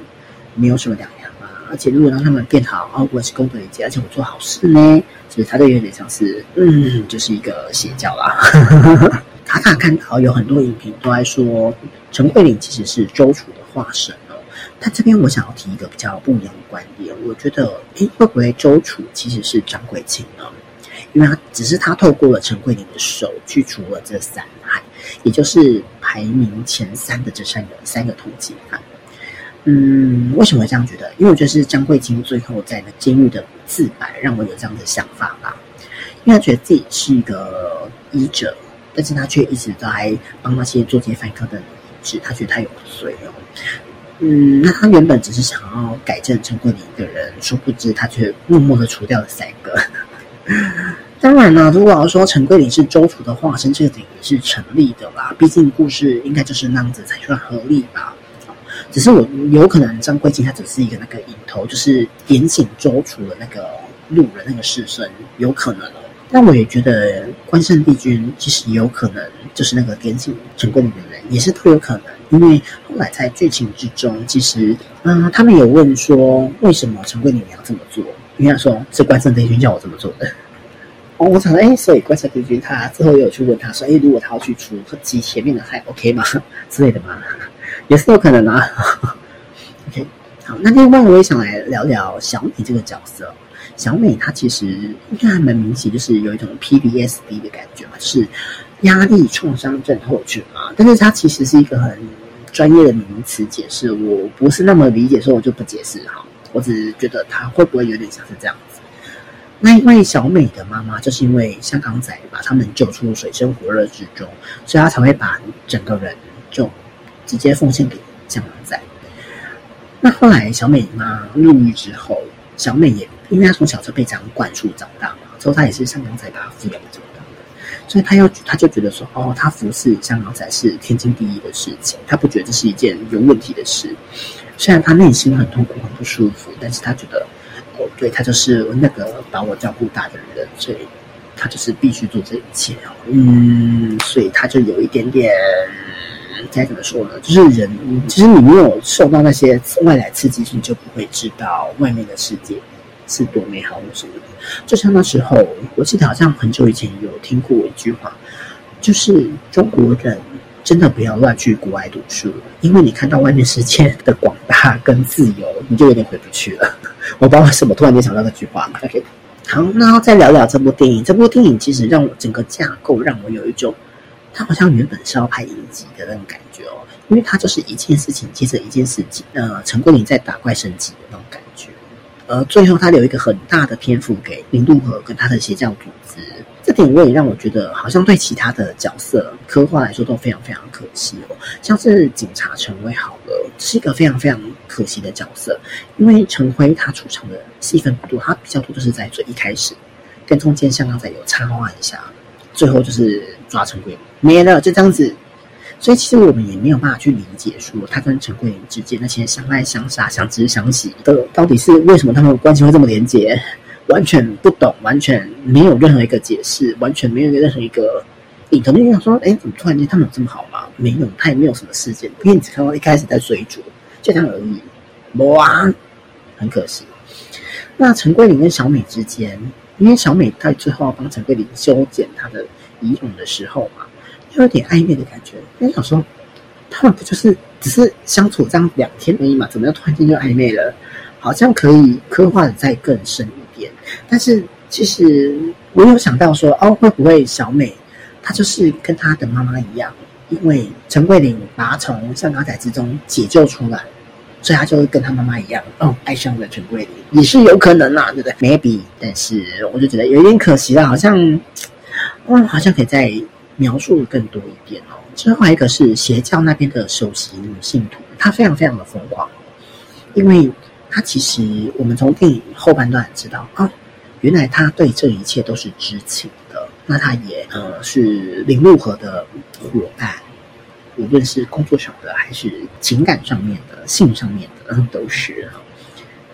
沒有什麼兩樣啊，而且如果讓他們變好哦，我是功德一件，而且我做好事呢，所以他都有點像是嗯就是一個邪教啦。 卡卡看到有很多影評都在說陳桂林其實是周處的化身哦。但這邊我想要提一個比較不一樣的觀點，我覺得誒，會不會周處其實是張貴卿呢？因為他只是他透過了陳桂林的手去除了這三害，也就是排名前三的這三個三個通緝犯。嗯，為什麼會這樣覺得？因為我覺得是張貴卿最後在那監獄的自白讓我有這樣的想法吧。因為他覺得自己是一個醫者。但是他卻一直在幫那些做這些飯客的人，是他覺得他有罪哦。嗯，那他原本只是想要改正陳桂林一個人，殊不知他卻默默的除掉了三個。當然了、啊，如果要說陳桂林是周處的化身，這個點也是成立的吧，畢竟故事應該就是那樣子才算合理吧。只是我有，有可能張貴卿他只是一個那個引頭，就是點醒周處的那個路人那個師生，有可能。那我也覺得關聖帝君其實也有可能就是那個點醒陳桂林的人，也是都有可能，因為後來在劇情之中，其實，啊、嗯、他們有問說為什麼陳桂林要這麼做，人家說，是關聖帝君叫我這麼做的。哦，我想到，哎、欸，所以關聖帝君他最後也有去問他說，哎、欸，如果他要去除他自己前面的害，OK 嗎？之類的嘛，也是有可能啊。 OK，好，那另外我也想來聊聊小米這個角色。小美她其實應該還蠻明顯，就是有一種 PTSD 的感覺嘛，是壓力創傷症候群啊。但是她其實是一個很專業的名詞解釋，我不是那麼理解，所以我就不解釋哈。我只是覺得她會不會有點像是這樣子？那因為小美的媽媽就是因為香港仔把他們救出水深火熱之中，所以她才會把整個人就直接奉獻給香港仔。那後來小美媽入獄之後，小美也。因為他從小就被這樣灌輸長大嘛，之後他也是香港仔把他撫養長大的，所以他要他就覺得說：“哦，他服侍香港仔，是天經地義的事情，他不覺得這是一件有問題的事。雖然他內心很痛苦、很不舒服，但是他覺得哦，對他就是那個把我照顧大的人，所以他就是必須做這一切哦。嗯，所以他就有一點點，該怎麼說呢，就是人、嗯、其實你沒有受到那些外來刺激，你就不會知道外面的世界。”是多美好，或什麼的。就像那時候，我記得好像很久以前有聽過一句話，就是中國人真的不要亂去國外讀書，因為你看到外面世界的廣大跟自由，你就有點回不去了。我不知道為什麼突然間想到這句話。Okay。好，那再聊聊這部電影。這部電影其實讓我整個架構讓我有一種，它好像原本是要拍影集的那種感覺哦，因為它就是一件事情接着一件事情，呃，陳桂林在打怪升級的那種感覺。而、呃、最後，他留一個很大的篇幅給林祿和跟他的邪教組織，這點我也讓我覺得好像對其他的角色刻畫來說都非常非常可惜哦。像是警察陳灰好了，是一個非常非常可惜的角色，因為陳灰他出場的戲份不多，他比較多就是在最一開始，跟中間香港仔有插畫一下，最後就是抓陳桂林沒了，就這樣子。所以其實我們也沒有辦法去理解，說他跟陳桂林之間那些相愛相殺、相知相惜的，到底是為什麼他們關係會這麼連接，完全不懂，完全沒有任何一個解釋，完全沒有任何一個你藏的真相。說，哎、欸，怎麼突然間他們有這麼好嗎？沒有，他也沒有什麼事件。因為你只看到一開始在追逐，就這樣而已。哇，很可惜。那陳桂林跟小美之間，因為小美在最後幫陳桂林修剪他的遺容的時候嘛。有點曖昧的感覺，因為想說他們不就是只是相處這樣兩天而已嘛？怎麼樣突然間就曖昧了？好像可以刻畫得再更深一點。但是其實我有想到說，哦，會不會小美她就是跟她的媽媽一樣，因為陳桂林把她從香港仔之中解救出來，所以她就會跟她媽媽一樣，哦、嗯，愛上了陳桂林，也是有可能啦、啊、對不對？Maybe，但是我就覺得有一點可惜了，好像，哦，好像可以再。描述更多一點哦。最後一個是邪教那邊的首席女信徒，她非常非常的瘋狂，因為她其實我們從電影後半段知道啊、哦，原來她對這一切都是知情的。那她也呃是林祿和的夥伴，無論是工作上的還是情感上面的，性上面的，都是。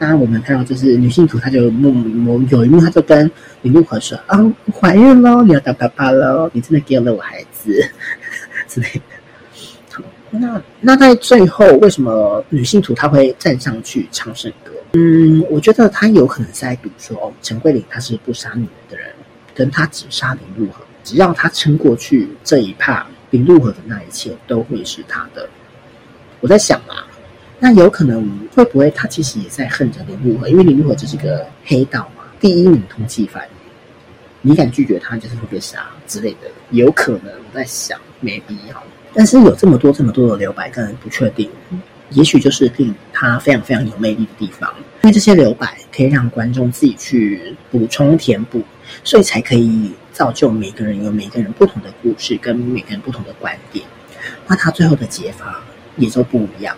那我們看到，就是女信徒，她就某有一幕，她就跟林祿和說：“啊，懷孕了，你要當爸爸了，你真的給了我孩子之類的。那”那那在最後，為什麼女信徒她會站上去唱聖歌？嗯，我覺得她有可能是在比如說，哦，陳桂林他是不殺女人的人，跟他只殺林祿和，只要他撐過去這一趴，林祿和的那一切都會是他的。我在想啊。那有可能會不會他其實也在恨着林如何，因為林如何只是個黑道嘛，第一名通緝犯。你敢拒絕他，就是會被殺之類的。有可能，我在想沒必要，但是有這麼多這麼多的留白、跟不確定。也許就是令他非常非常有魅力的地方，因為這些留白可以讓觀眾自己去補充填補，所以才可以造就每個人有每個人不同的故事跟每個人不同的觀點。那他最後的解法也就不一樣。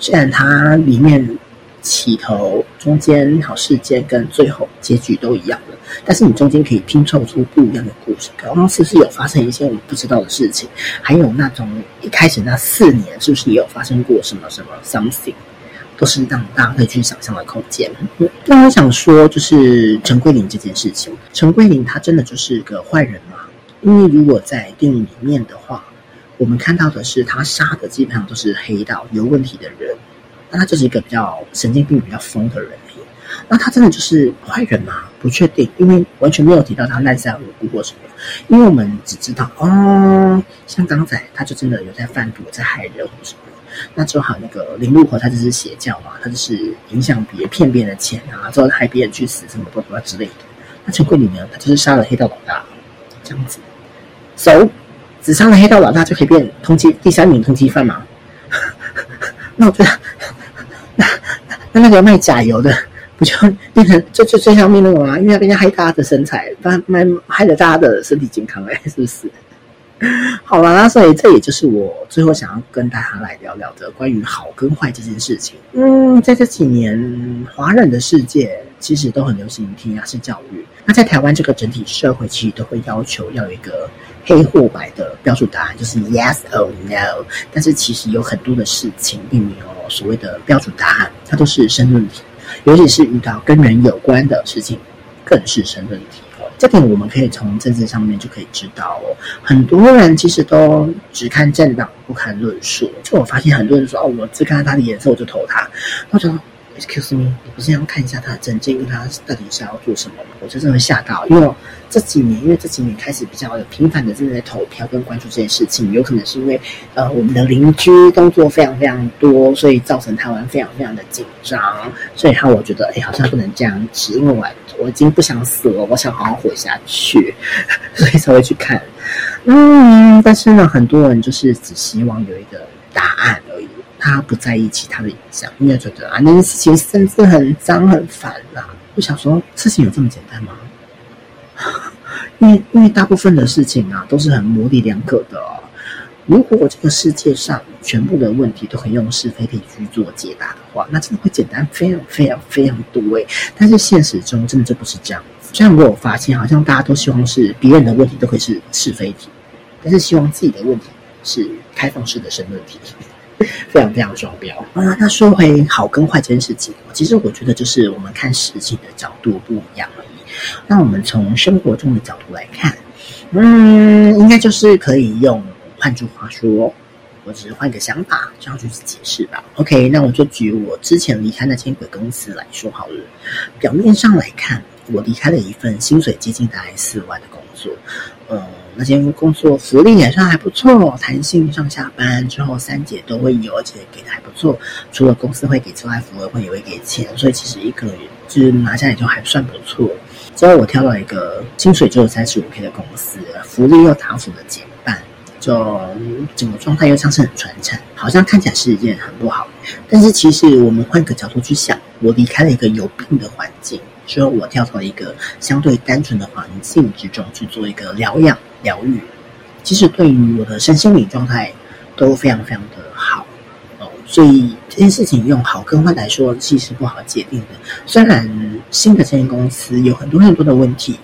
雖然它裡面起頭、中間好事件跟最後結局都一樣了，但是你中間可以拼湊出不一樣的故事。可能當時是有發生一些我們不知道的事情，還有那種一開始那四年是不是也有發生過什麼什麼 something？都是讓大家可以去想象的空間。那我想說，就是陳桂林這件事情，陳桂林他真的就是個壞人嗎？因為如果在電影裡面的話。我們看到的是，他殺的基本上都是黑道有問題的人，那他就是一個比較神經病、比較瘋的人而已。那他真的就是壞人嗎？不確定，因為完全沒有提到他濫殺無辜或什麼。因為我們只知道，哦，像剛才他就真的有在販毒、在害人或什麼。那就好那個林祿和，他就是邪教嘛、啊，他就是影響別人、騙別人錢啊，之後害別人去死什麼什麼之類的。那陳桂林呢？他就是殺了黑道老大，這樣子，走、so,。紙上的黑道老大就可以變通緝第三名通緝犯嘛？ 那我覺得，那那那個賣假油的不就變成就就最最最上面那個嗎？因為要變成黑大家的身材，但賣害了大家的身體健康哎、欸，是不是？好了，所以這也就是我最後想要跟大家來聊聊的關於好跟壞這件事情。嗯，在這幾年，華人的世界其實都很流行填鴨式教育，那在台灣這個整體社會其實都會要求要有一個。黑或白的標準答案就是 yes or no，但是其實有很多的事情並沒有所謂的標準答案，它都是申論題，尤其是遇到跟人有關的事情，更是申論題哦。這點我們可以從政治上面就可以知道哦。很多人其實都只看政黨，不看論述。就我發現很多人說哦，我只看他，他的顏色，我就投他。那 Excuse me，你不是要看一下他的政見，跟他到底是要做什麼嗎？我就真的會嚇到，因為這幾年，因為這幾年開始比較有頻繁的正在投票跟關注這件事情，有可能是因為呃我們的鄰居動作非常非常多，所以造成台灣非常非常的緊張，所以他我覺得哎、欸，好像不能這樣子，因為我我已經不想死了，我想好好活下去，所以才會去看。嗯，但是呢，很多人就是只希望有一個答案。他不在意其他的影響，因為覺得啊，那些、個、事情甚至很髒很煩啦、啊。我想說，事情有這麼簡單嗎？ 因為因為大部分的事情啊，都是很模棱兩可的、哦。如果這個世界上全部的問題都可以用是非題去做解答的話，那真的會簡單非常非常非常多哎、欸。但是現實中真的就不是這樣。雖然我有發現，好像大家都希望是別人的問題都可以是是非題，但是希望自己的問題是開放式的申論題。非常非常雙標啊、嗯！那說回好跟壞這件事情，其實我覺得就是我們看事情的角度不一樣而已。那我們從生活中的角度來看，嗯，應該就是可以用換句話說，我只是換個想法這樣去解釋吧。OK，那我就舉我之前離開那間鬼公司來說好了。表面上來看，我離開了一份薪水接近大概四萬的工作，嗯。那些工作福利也算還不錯哦，彈性上下班之後三節都會有，而且給的還不錯。除了公司會給之外，福利會也會給錢，所以其實一個月就是拿下來就還算不錯。之後我跳到一個薪水只有三十五 K 的公司，福利又大幅的減半，就整個狀態又像是很傳承，好像看起來是一件很不好。但是其實我們換個角度去想，我離開了一個有病的環境，之後我跳到一個相對單純的環境之中去做一個療養。療癒，其實對於我的身心靈狀態都非常非常的好哦。所以這件事情用好跟壞來說，其實不好界定的。雖然新的這間公司有很多很多的問題，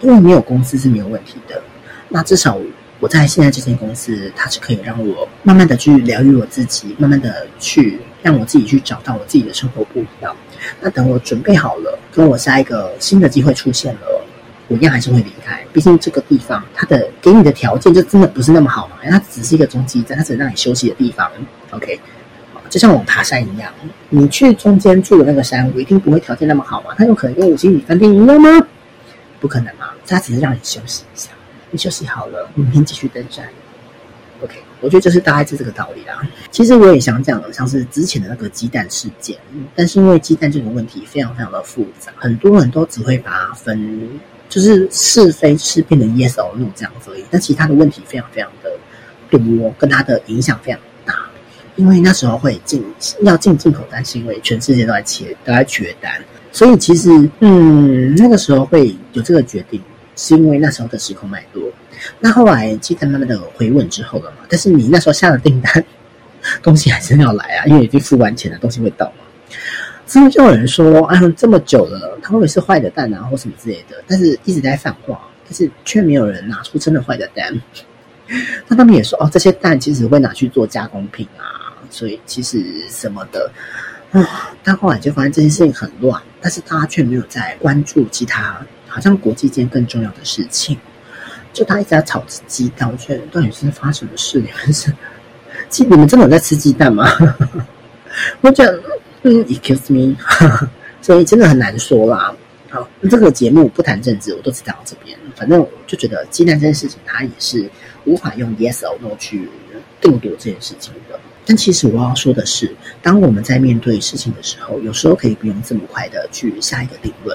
因為沒有公司是沒有問題的。那至少我在現在這間公司，它是可以讓我慢慢的去療癒我自己，慢慢的去讓我自己去找到我自己的生活步調。那等我準備好了，跟我下一個新的機會出現了。我一樣還是會離開，畢竟這個地方它的給你的條件就真的不是那麼好嘛，因為它只是一個中繼站，它只是讓你休息的地方。OK，就像我爬山一樣，你去中間住的那個山，我一定不會條件那麼好嘛，它有可能跟五星級飯店一樣嗎？不可能嘛，它只是讓你休息一下，你休息好了，明天繼續登山。OK，我覺得這是大概是這個道理啦。其實我也想講，像是之前的那個雞蛋事件，但是因為雞蛋這種問題非常非常的複雜，很多人都只會把它分。就是是非是變成 yes or no 這樣而已，但其他的問題非常非常的多，跟他的影響非常大。因為那時候會進要進進口單，是因為全世界都在切，都在缺單，所以其實嗯那個時候會有這個決定，是因為那時候的時空脈絡。那後來記得慢慢的回穩之後了嘛，但是你那時候下了訂單，東西還是要來啊，因為已經付完錢了，東西會到嘛。之後就有人說：“啊、哎、這麼久了，它會不會是壞的蛋啊，或什麼之類的？”但是一直在反話，但是卻沒有人拿出真的壞的蛋。那他們也說：“哦，這些蛋其實會拿去做加工品啊，所以其實什麼的。哦”但後來就發現這件事情很亂，但是大家卻沒有在關注其他，好像國際間更重要的事情，就他一直在炒雞蛋，我覺得到底是發生什麼事？你們是雞？你們真的有在吃雞蛋嗎？我覺得。嗯，excuse me， 所以真的很難說啦。好，這個節目不談政治，我都只講到這邊。反正我就覺得，雞蛋這件事情，它也是無法用 yes or no 去定奪這件事情的。但其實我要說的是，當我們在面對事情的時候，有時候可以不用這麼快的去下一個定論，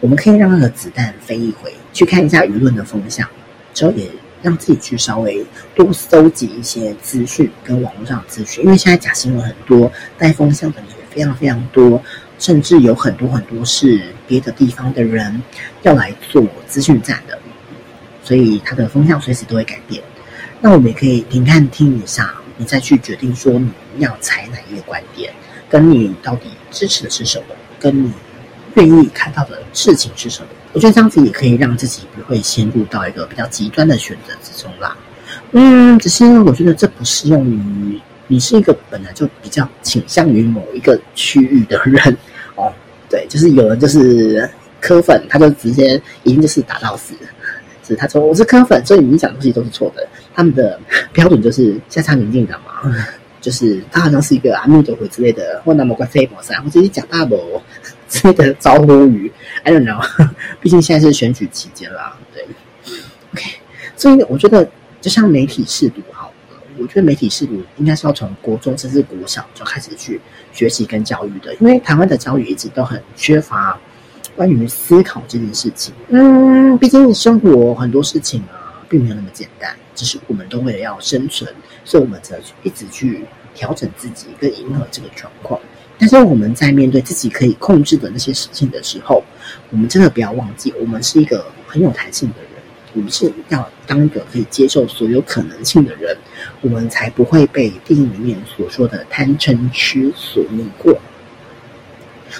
我們可以讓那個子彈飛一回，去看一下輿論的風向，之後也讓自己去稍微多蒐集一些資訊跟網絡上的資訊，因為現在假新聞很多，帶風向的。非常非常多，甚至有很多很多是別的地方的人要來做資訊站的，所以它的風向隨時都會改變。那我們也可以停看聽一下，你再去決定說你要採哪一個觀點，跟你到底支持的是什麼，跟你願意看到的事情是什麼。我覺得這樣子也可以讓自己不會陷入到一個比較極端的選擇之中啦。嗯，只是我覺得這不適用於。你是一個本來就比較傾向於某一個區域的人哦，對，就是有人就是柯粉，他就直接一定就是打到死，是他說我是柯粉，所以你講的東西都是錯的。他們的標準就是下差民進黨嘛，就是他好像是一個阿彌陀佛之類的，或那麼怪飛毛三，或者一講大伯這類的招呼語，I don't know，畢竟現在是選舉期間啦，對，OK，所以我覺得就像媒體識讀。我覺得媒體是你應該是要從國中甚至國小就開始去學習跟教育的，因為台灣的教育一直都很缺乏關於思考這件事情。嗯，畢竟生活很多事情啊，並沒有那麼簡單，只是我們都會要生存，所以我們才一直去調整自己跟迎合這個狀況。但是我們在面對自己可以控制的那些事情的時候，我們真的不要忘記，我們是一個很有彈性的人，我們是要當一個可以接受所有可能性的人。我們才不會被電影裡面所說的貪嗔癡所迷惑。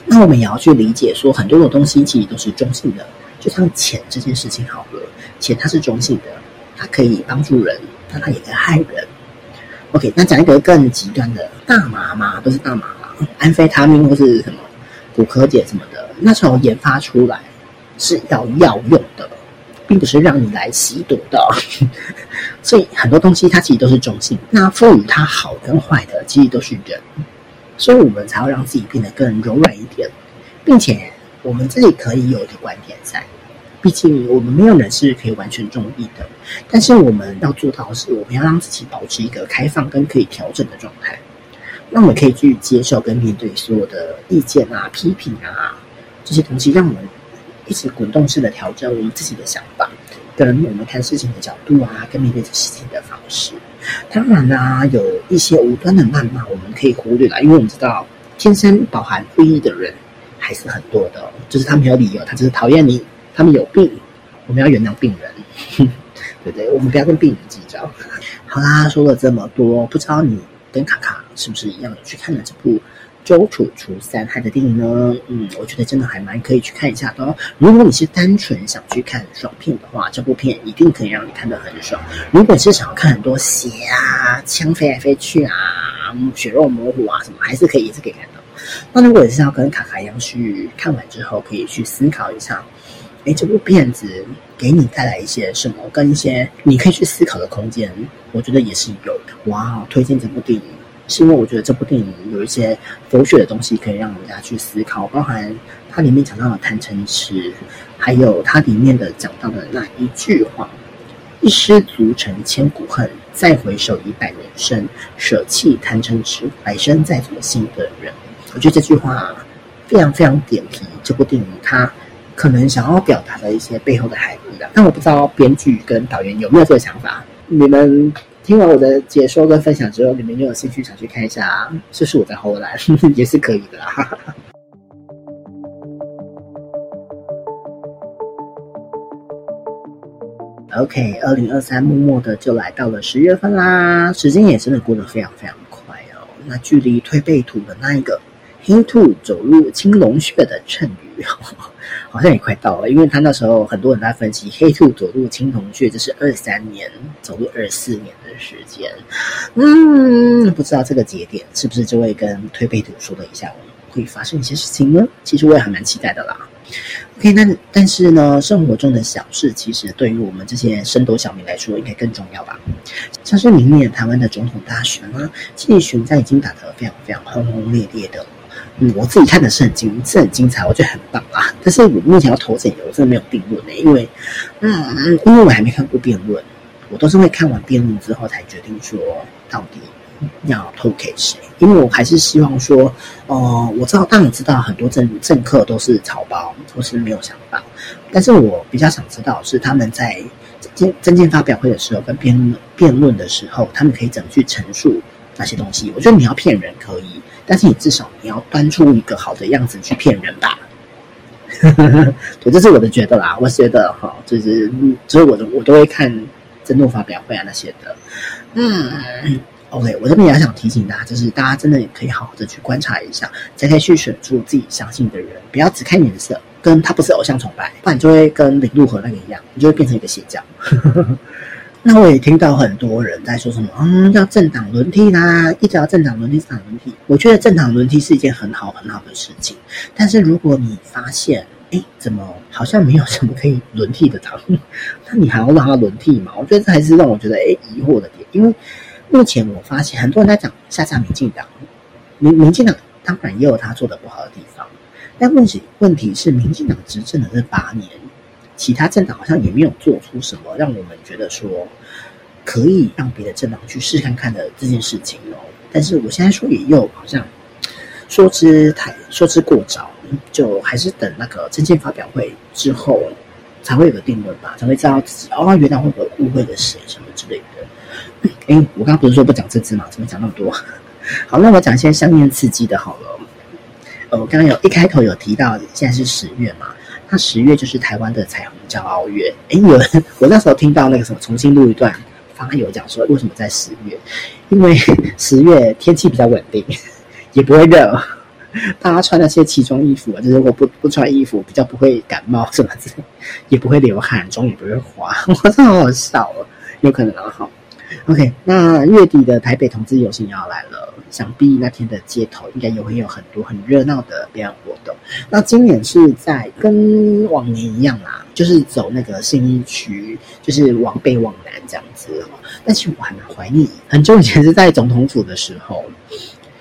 那我們也要去理解說，很多的東西其實都是中性的，就像錢這件事情好了，錢它是中性的，它可以幫助人，但它也可以害人。OK，那講一個更極端的大麻嘛，都是大麻啦，安非他命或是什麼古柯鹼、什麼的，那時候研發出來是要藥用的，並不是讓你來吸毒的。 所以很多東西它其實都是中性，那賦予它好跟壞的，其實都是人，所以我們才要讓自己變得更柔軟一點，並且我們自己可以有的觀點在，畢竟我們沒有人是可以完全中立的，但是我們要做到的是，我們要讓自己保持一個開放跟可以調整的狀態，那我們可以去接受跟面對所有的意見啊、批評啊這些東西，讓我們一直滾動式的調整我們自己的想法。跟我們看事情的角度啊，跟面對這事情的方式，當然啦、啊，有一些無端的謾罵，我們可以忽略啦。因為我們知道，天生飽含惡意的人還是很多的、哦，就是他沒有理由，他只是討厭你，他們有病，我們要原諒病人，呵呵，對不對？我們不要跟病人計較。好、啊、啦，說了這麼多，不知道你跟卡卡是不是一樣，去看了這部？周楚除三害的電影呢，嗯，我覺得真的還蠻可以去看一下的、哦。如果你是單純想去看爽片的話，這部片一定可以讓你看得很爽。如果你是想要看很多鞋啊、槍飛來飛去啊、血肉模糊啊什麼，還是可以一直可以看到。那如果你是要跟卡卡一樣去看完之後，可以去思考一下，哎，這部片子給你帶來一些什麼，跟一些你可以去思考的空間，我覺得也是有的。哇，推薦這部電影。是因為我覺得這部電影有一些佛學的東西可以讓人家去思考，包含它裡面講到的貪瞋癡，還有它裡面的講到的那一句話：“一失足成千古恨，再回首已百年身。」舍棄貪瞋癡，百生再怎麼幸的人。”我覺得這句話、啊、非常非常點題。這部電影它可能想要表達的一些背後的含義的，但我不知道編劇跟導演有沒有這個想法，你們？聽完我的解說跟分享之後，你們又有興趣想去看一下，這是我在後來呵呵，也是可以的啦。 OK，二零二三默默的就來到了十月份啦，時間也真的過得非常非常快哦。那距離推背圖的那一個黑兔走入青龍穴的讖語。 好像也快到了，因為他那時候很多人在分析黑兔走入青銅穴，這是二三年走入二四年的時間。嗯，不知道這個節點是不是就會跟推背圖說了一下會發生一些事情呢？其實我也還蠻期待的啦。OK，那但是呢，生活中的小事其實對於我們這些升斗小民來說應該更重要吧？像是明年台灣的總統大選啦，其實選戰已經打得非常非常轟轟烈烈的。嗯，我自己看的是很精，是很精彩，我覺得很棒啊。但是我目前要投誰，我真的沒有定論呢、欸，因為，嗯嗯，因為我還沒看過辯論，我都是會看完辯論之後才決定說到底要投給誰。因為我還是希望說，哦、呃，我知道，當然知道很多政政客都是草包或是沒有想法，但是我比較想知道是他們在政見政見發表會的時候跟辯論辯論的時候，他們可以怎麼去陳述那些東西？我覺得你要騙人可以。但是你至少你要端出一個好的樣子去騙人吧， 對，這是我的覺得啦。我覺得哈，就是，所、嗯、以、就是、我的我都會看政見發表會啊那些的。嗯，OK，我這邊也要想提醒大家，就是大家真的也可以好好的去觀察一下，才可以去選出自己相信的人，不要只看顏色。跟他不是偶像崇拜，不然你就會跟林祿和那個一樣，你就會變成一個邪教。 那我也聽到很多人在說什麼，嗯，要政黨輪替啦，一直要政黨輪替，政黨輪替。我覺得政黨輪替是一件很好很好的事情，但是如果你發現，哎，怎麼好像沒有什麼可以輪替的黨，那你還要讓它輪替嗎？我覺得這還是讓我覺得，哎，疑惑的點。因為目前我發現很多人在講下下民進黨，民民進黨當然也有他做的不好的地方，但問題問題是民進黨執政的這八年。其他政黨好像也沒有做出什麼讓我們覺得說可以讓別的政黨去試看看的這件事情哦。但是我現在說也又好像說之太說之過早，就還是等那個政見發表會之後才會有個定論吧，才會知道自己哦原來會不會誤會了誰什麼之類的。哎，我剛剛不是說不講政治嘛，怎麼講那麼多？好，那我講一些相應刺激的好了。我剛剛有一開頭有提到現在是十月嘛。那十月就是台灣的彩虹驕傲月。哎，有我那時候聽到那個什麼重新錄一段，發友講說為什麼在十月？因為十月天氣比較穩定，也不會熱，大家穿那些奇裝異服啊，就是如果不不穿衣服，比較不會感冒什麼的，也不會流汗，妝也不會花。我操，好，好笑哦，有可能、啊、好。OK，那月底的台北同志遊行要來了。想必那天的街頭應該也會有很多很熱鬧的表演活動。那今年是在跟往年一樣啦，啊，就是走那個信義區，就是往北往南這樣子哦。但是我還蠻懷念很久以前是在總統府的時候，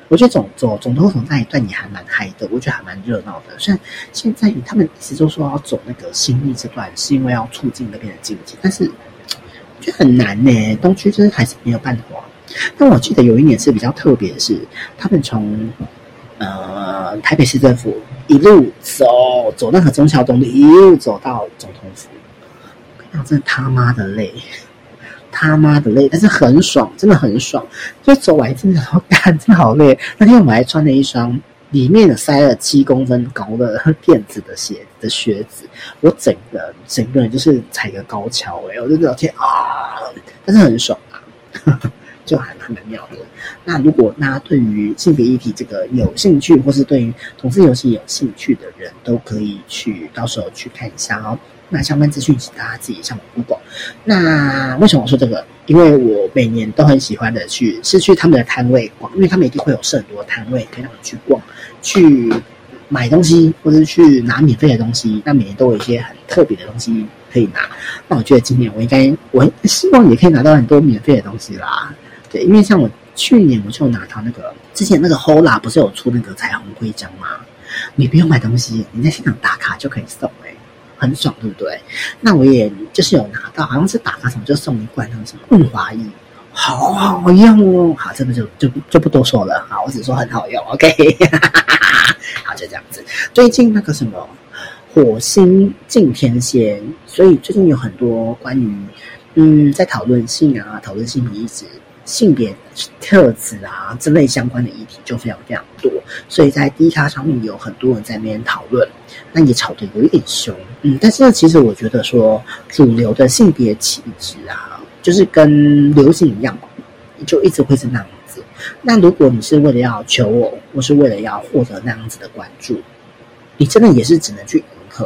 我覺得總走總統府那一段也還蠻嗨的，我覺得還蠻熱鬧的。像現在他們一直都說要走那個信義這段，是因為要促進那邊的經濟，但是我覺得很難呢，欸。東區就是還是沒有辦法。但我記得有一年是比較特別，是他們從呃台北市政府一路走，走那個忠孝東路，一路走到總統府。天啊，真的他媽的累，他媽的累，但是很爽，真的很爽。就走完真的好幹，真的好累。那天我們還穿了一雙，裡面塞了七公分高的墊子的鞋的靴子，我整個整個人就是踩個高蹺，哎、欸，我就覺得天啊，但是很爽啊。呵呵就還蠻蠻妙的。那如果大家對於性別議題這個有興趣，或是對於同志遊戲有興趣的人，都可以去到時候去看一下哦。那相關資訊請大家自己上網 Google。那為什麼我說這個？因為我每年都很喜歡的去是去他們的攤位逛，因為他們一定會有設很多攤位可以讓我去逛，去買東西，或是去拿免費的東西。那每年都有一些很特別的東西可以拿。那我覺得今年我應該我希望也可以拿到很多免費的東西啦。對，因為像我去年我就有拿到那個之前那個 HOLA 不是有出那個彩虹徽章嗎？你不用買東西，你在現場打卡就可以送哎、欸，很爽，對不對？那我也就是有拿到，好像是打卡什麼就送一罐那個什麼潤滑液，好好用哦。好，這個就就就不多說了，好，我只說很好用，OK。 好，就這樣子。最近那個什麼火星敬天仙，所以最近有很多關於嗯在討論性啊，討論性一直。性別特質啊，這類相關的議題就非常非常多，所以在 D 卡上面有很多人在那邊討論，那也吵得有一點凶。嗯，但是其實我覺得說，主流的性別氣質啊，就是跟流行一樣，就一直會是那樣子。那如果你是為了要求偶，或是為了要獲得那樣子的關注，你真的也是只能去迎合，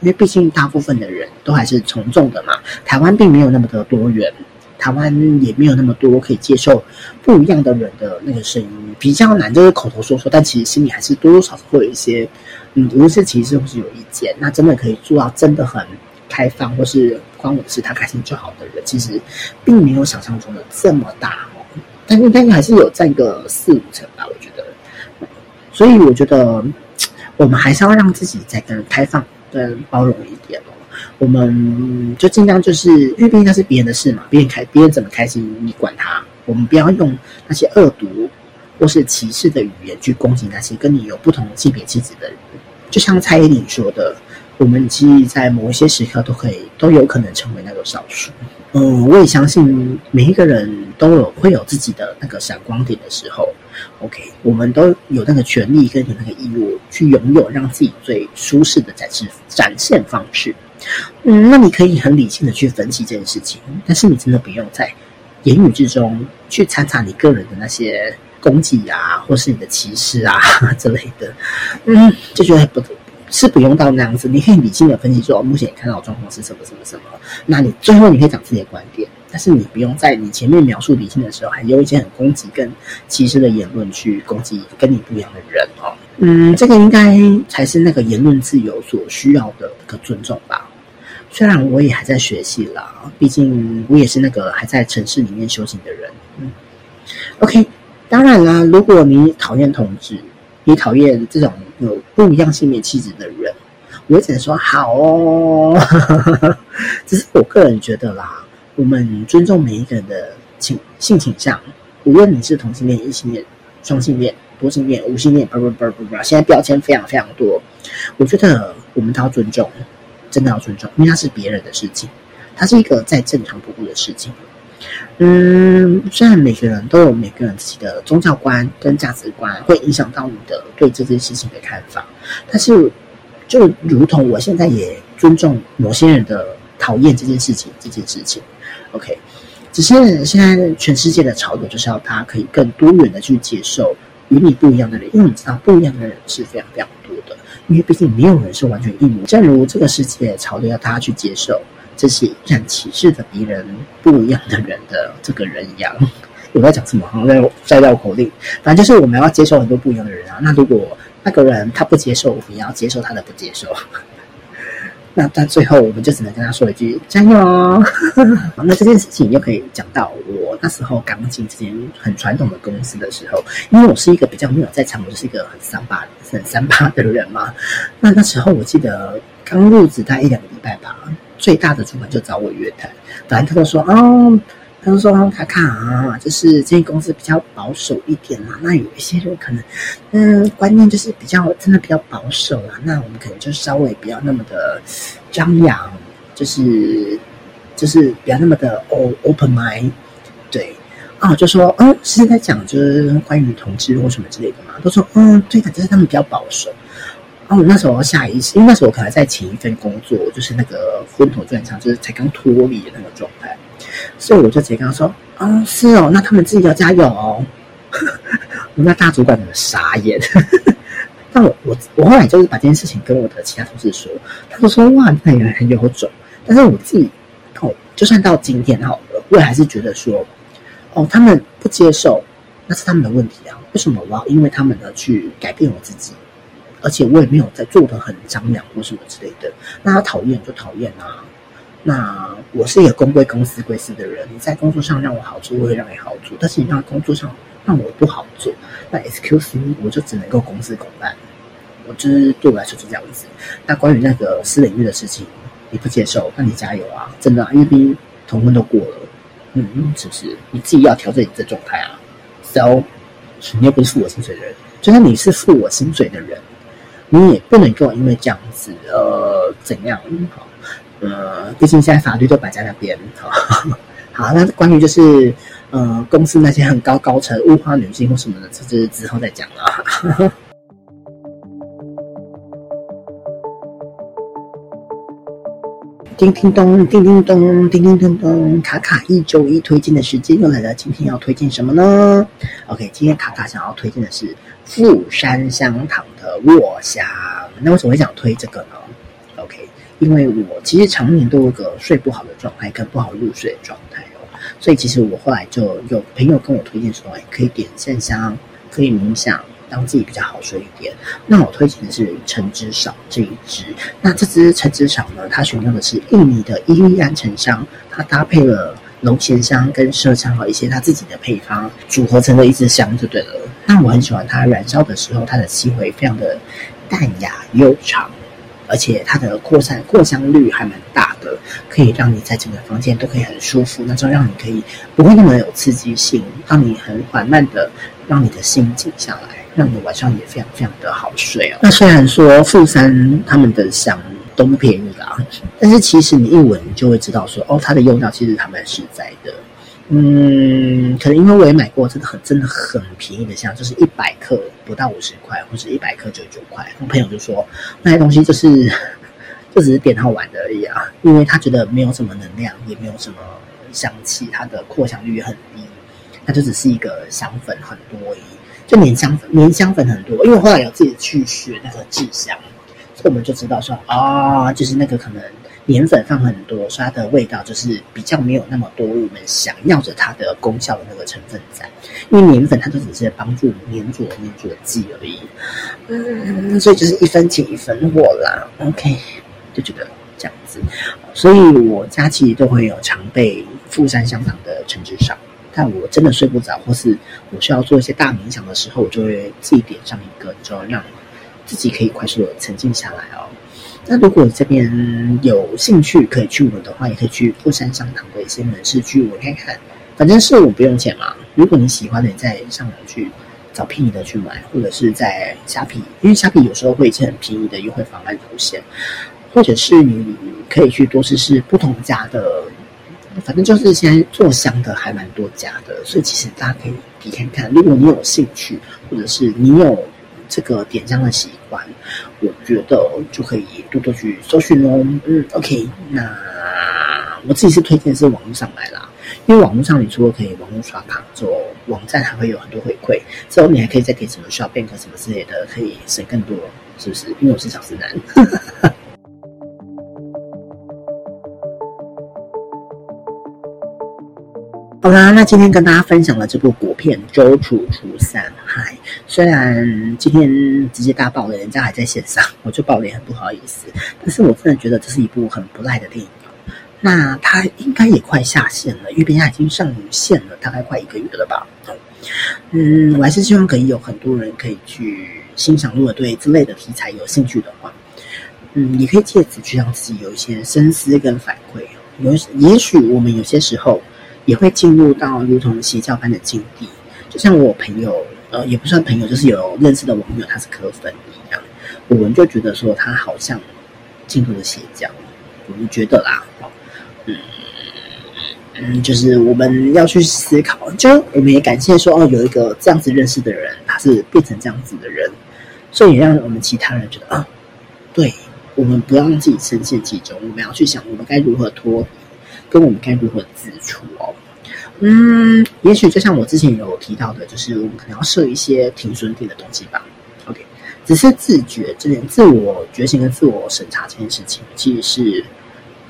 因為畢竟大部分的人都還是從眾的嘛。台灣並沒有那麼的多元。台灣也沒有那麼多可以接受不一樣的人的那個聲音，比較難，就是口頭說說，但其實心裡還是多多少少會有一些，嗯，無論是歧視或是有意見。那真的可以做到真的很開放，或是關我的事，他開心就好的人，其實並沒有想象中的這麼大哦。但是，但是還是有占個四五成吧，我覺得。所以，我覺得我們還是要讓自己再更開放、更包容一點。我們就盡量就是，因為畢竟那是別人的事嘛，別人開別人怎麼開心你管他。我們不要用那些惡毒或是歧視的語言去攻擊那些跟你有不同性別氣質的人。就像蔡依林說的，我們其實，在某一些時刻都可以都有可能成為那個少數。嗯，我也相信每一個人都有會有自己的那個閃光點的時候。OK，我們都有那個權利跟有那個義務去擁有讓自己最舒適的展示展現方式。嗯，那你可以很理性的去分析這件事情，但是你真的不用在言語之中去摻雜你個人的那些攻擊啊，或是你的歧視啊之類的。嗯，就覺得不是不用到那樣子。你可以理性的分析說，目前你看到的狀況是什麼什麼什麼。那你最後你可以講自己的觀點，但是你不用在你前面描述理性的時候，還用一些很攻擊跟歧視的言論去攻擊跟你不一樣的人哦。嗯，這個應該才是那個言論自由所需要的一個尊重吧。雖然我也還在學習啦，畢竟我也是那個還在城市裡面修行的人。嗯，OK，當然啦，如果你討厭同志，你討厭這種有不一樣性別氣質的人，我只能說好哦。 只是我個人覺得啦，我們尊重每一個人的性性傾向，無論你是同性戀、異性戀、雙性戀、多性戀、無性戀，不不不不不，現在標籤非常非常多，我覺得我們都要尊重。真的要尊重，因為它是別人的事情，它是一個再正常不過的事情。嗯，雖然每個人都有每個人自己的宗教觀跟價值觀，會影響到你的對這件事情的看法，但是就如同我現在也尊重某些人的討厭這件事情，這件事情，OK。只是現在全世界的潮流就是要他可以更多元的去接受與你不一樣的人，因為你知道不一樣的人是非常非常。因為畢竟沒有人是完全一模一樣，正如這個世界潮流要大家去接受，這些讓歧視的敵人不一樣的人的這個人一樣， 我在講什麼？在我在在繞口令。反正就是我們要接受很多不一樣的人啊。那如果那個人他不接受，我們也要接受他的不接受。那那最後我們就只能跟他說一句加油。 那這件事情又可以講到我那時候剛進這間很傳統的公司的時候，因為我是一個比較沒有在場，我就是一個很三八很三八的人嘛。那那時候我記得剛入職大概一兩個禮拜吧，最大的主管就找我約談，反正他就說啊。嗯他說：“卡卡啊，就是這些公司比較保守一點啦、啊。那有一些人可能，嗯，觀念就是比較真的比較保守啦、啊。那我們可能就稍微不要那麼的張揚，就是就是不要那麼的 o open mind，對，啊就說，嗯，是在講就是關於同志或什麼之類的嘛。都說，嗯，對的，就是他們比較保守。哦、啊，我那時候下意識，因為那時候我可能在前一份工作，就是那個昏頭轉向，就是才剛脫離的那個狀態。”所以我就直接跟他說：“哦，是哦，那他們自己要加油哦。” 我那大主管很傻眼。但 我我我後來就是把這件事情跟我的其他同事說，他就說：“哇，那原來很有種。”但是我自己哦，就算到今天我也還是覺得說：“哦，他們不接受，那是他們的問題啊。為什麼我要因為他們呢去改變我自己？而且我也沒有在做得很張揚或什麼之類的。那他討厭就討厭啊。”那我是一個公歸公私歸私的人，你在工作上讓我好做，我會讓你好做，但是你讓工作上讓我不好做，那 excuse me，我就只能夠公事公辦。我就是對我來說就是這樣子。那關於那個私領域的事情，你不接受，那你加油啊！真的、啊，因為畢竟同婚都過了，嗯，是不是？你自己要調整你的狀態啊。so，你又不是付我薪水的人，就算你是付我薪水的人，你也不能夠因為這樣子，呃，怎樣？呃，畢、嗯、竟現在法律都擺在那邊哈。好，那關於就是，呃，公司那些很高高層物化女性或什麼的，這、就是之後再講啦。叮叮咚，叮叮咚，叮叮咚叮叮咚，卡卡一周一推薦的時間又來了，今天要推薦什麼呢？OK，今天卡卡想要推薦的是富山香堂的臥香。那為什麼會想推這個呢？因為我其實常年都有個睡不好的狀態跟不好入睡的狀態哦，所以其實我後來就有朋友跟我推薦說，哎，可以點線香，可以冥想，讓自己比較好睡一點。那我推薦的是橙汁少這一支。那這支橙汁少呢，它選用的是印尼的伊利安沉香，它搭配了龍涎香跟麝香和一些它自己的配方組合成的一支香就對了。那我很喜歡它燃燒的時候，它的氣味非常的淡雅悠長。而且它的擴散擴散率還蠻大的，可以讓你在整個房間都可以很舒服，那就讓你可以不會那麼有刺激性，讓你很緩慢的讓你的心靜下來，讓你的晚上也非常非常的好睡哦。那雖然說富山他們的香都不便宜啦，但是其實你一聞就會知道說，哦，它的用料其實還蠻實在的。嗯，可能因為我也買過，真的很真的很便宜的香，就是一百克不到五十塊，或是一百克九十九塊。我朋友就說，那些東西就是，就只是點它玩的而已啊，因為他覺得沒有什麼能量，也沒有什麼香氣，它的擴香率也很低，它就只是一個香粉很多而已。就黏香粉，黏香粉很多，因為後來有自己去學那個製香，所以我們就知道說啊、哦，就是那個可能。粘粉放很多，所以它的味道就是比較沒有那麼多我們想要着它的功效的那個成分在，因為粘粉它就只是幫助粘住粘住劑而已。嗯，嗯，所以就是一分錢一分貨啦。OK，就覺得這樣子，所以我家其實都會有常備富山香堂的橙汁茶，但我真的睡不着或是我需要做一些大冥想的時候，我就會自己點上一個，就讓自己可以快速的沉靜下來哦。那如果你這邊有興趣可以去聞的話，也可以去富山商場的一些門市去聞看看。反正是我不用錢嘛。如果你喜歡的，你在上網去找便宜的去買，或者是在蝦皮，因為蝦皮有時候會一些很便宜的優惠方案出現，或者是你可以去多試試不同家的，反正就是現在做香的還蠻多家的，所以其實大家可以比看看。如果你有興趣，或者是你有這個點香的習慣。我覺得就可以多多去搜尋哦。嗯，OK，那我自己是推薦是網絡上買啦，因為網絡上你除了可以網絡刷卡，之後網站，還會有很多回饋，之後你還可以再給什麼需要變更什麼之類的，可以省更多，是不是？因為我是小直男。 好啦，Alright, 那今天跟大家分享的這部國片《周處除三害》，嗨！雖然今天直接大爆了，人家還在線上，我就爆了也很不好意思。但是我個人覺得這是一部很不賴的電影。那它應該也快下線了，因為它已經上線了，大概快一個月了吧。嗯，我還是希望可以有很多人可以去欣賞，如果對這類的題材有興趣的話，嗯，也可以借此去讓自己有一些深思跟反饋。有，也許我們有些時候。也會進入到如同邪教般的境地，就像我朋友，呃，也不算朋友，就是有認識的網友，他是柯粉一樣，我們就覺得說他好像進入了邪教，我們覺得啦，嗯嗯，就是我們要去思考，就我們也感謝說哦，有一個這樣子認識的人，他是變成這樣子的人，所以也讓我們其他人覺得啊、哦，對，我們不要讓自己深陷其中，我們要去想我們該如何脫離，跟我們該如何自處哦。嗯，也許就像我之前有提到的，就是我們可能要設一些停損點的東西吧。OK，只是自覺這件自我覺醒跟自我審查這件事情，其實是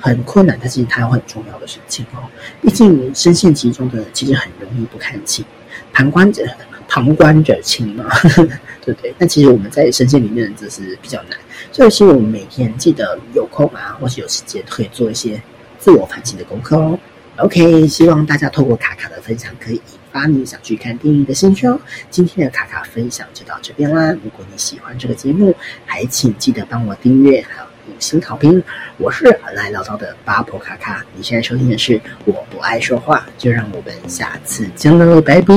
很困難，但是它有很重要的事情哦。畢竟深陷其中的人，其實很容易不看清，旁觀者旁觀者清嘛， 對不對？但其實我們在深陷裡面的人，這是比較難。所以，希望我們每天記得有空啊，或是有時間，可以做一些自我反省的功課哦。OK，希望大家透過卡卡的分享，可以引發你想去看電影的興趣哦。今天的卡卡分享就到這邊啦。如果你喜歡這個節目，還請記得幫我訂閱還有五星好評。我是很愛嘮叨的八婆卡卡，你現在收聽的是我不愛說話，就讓我們下次見嘍，拜拜。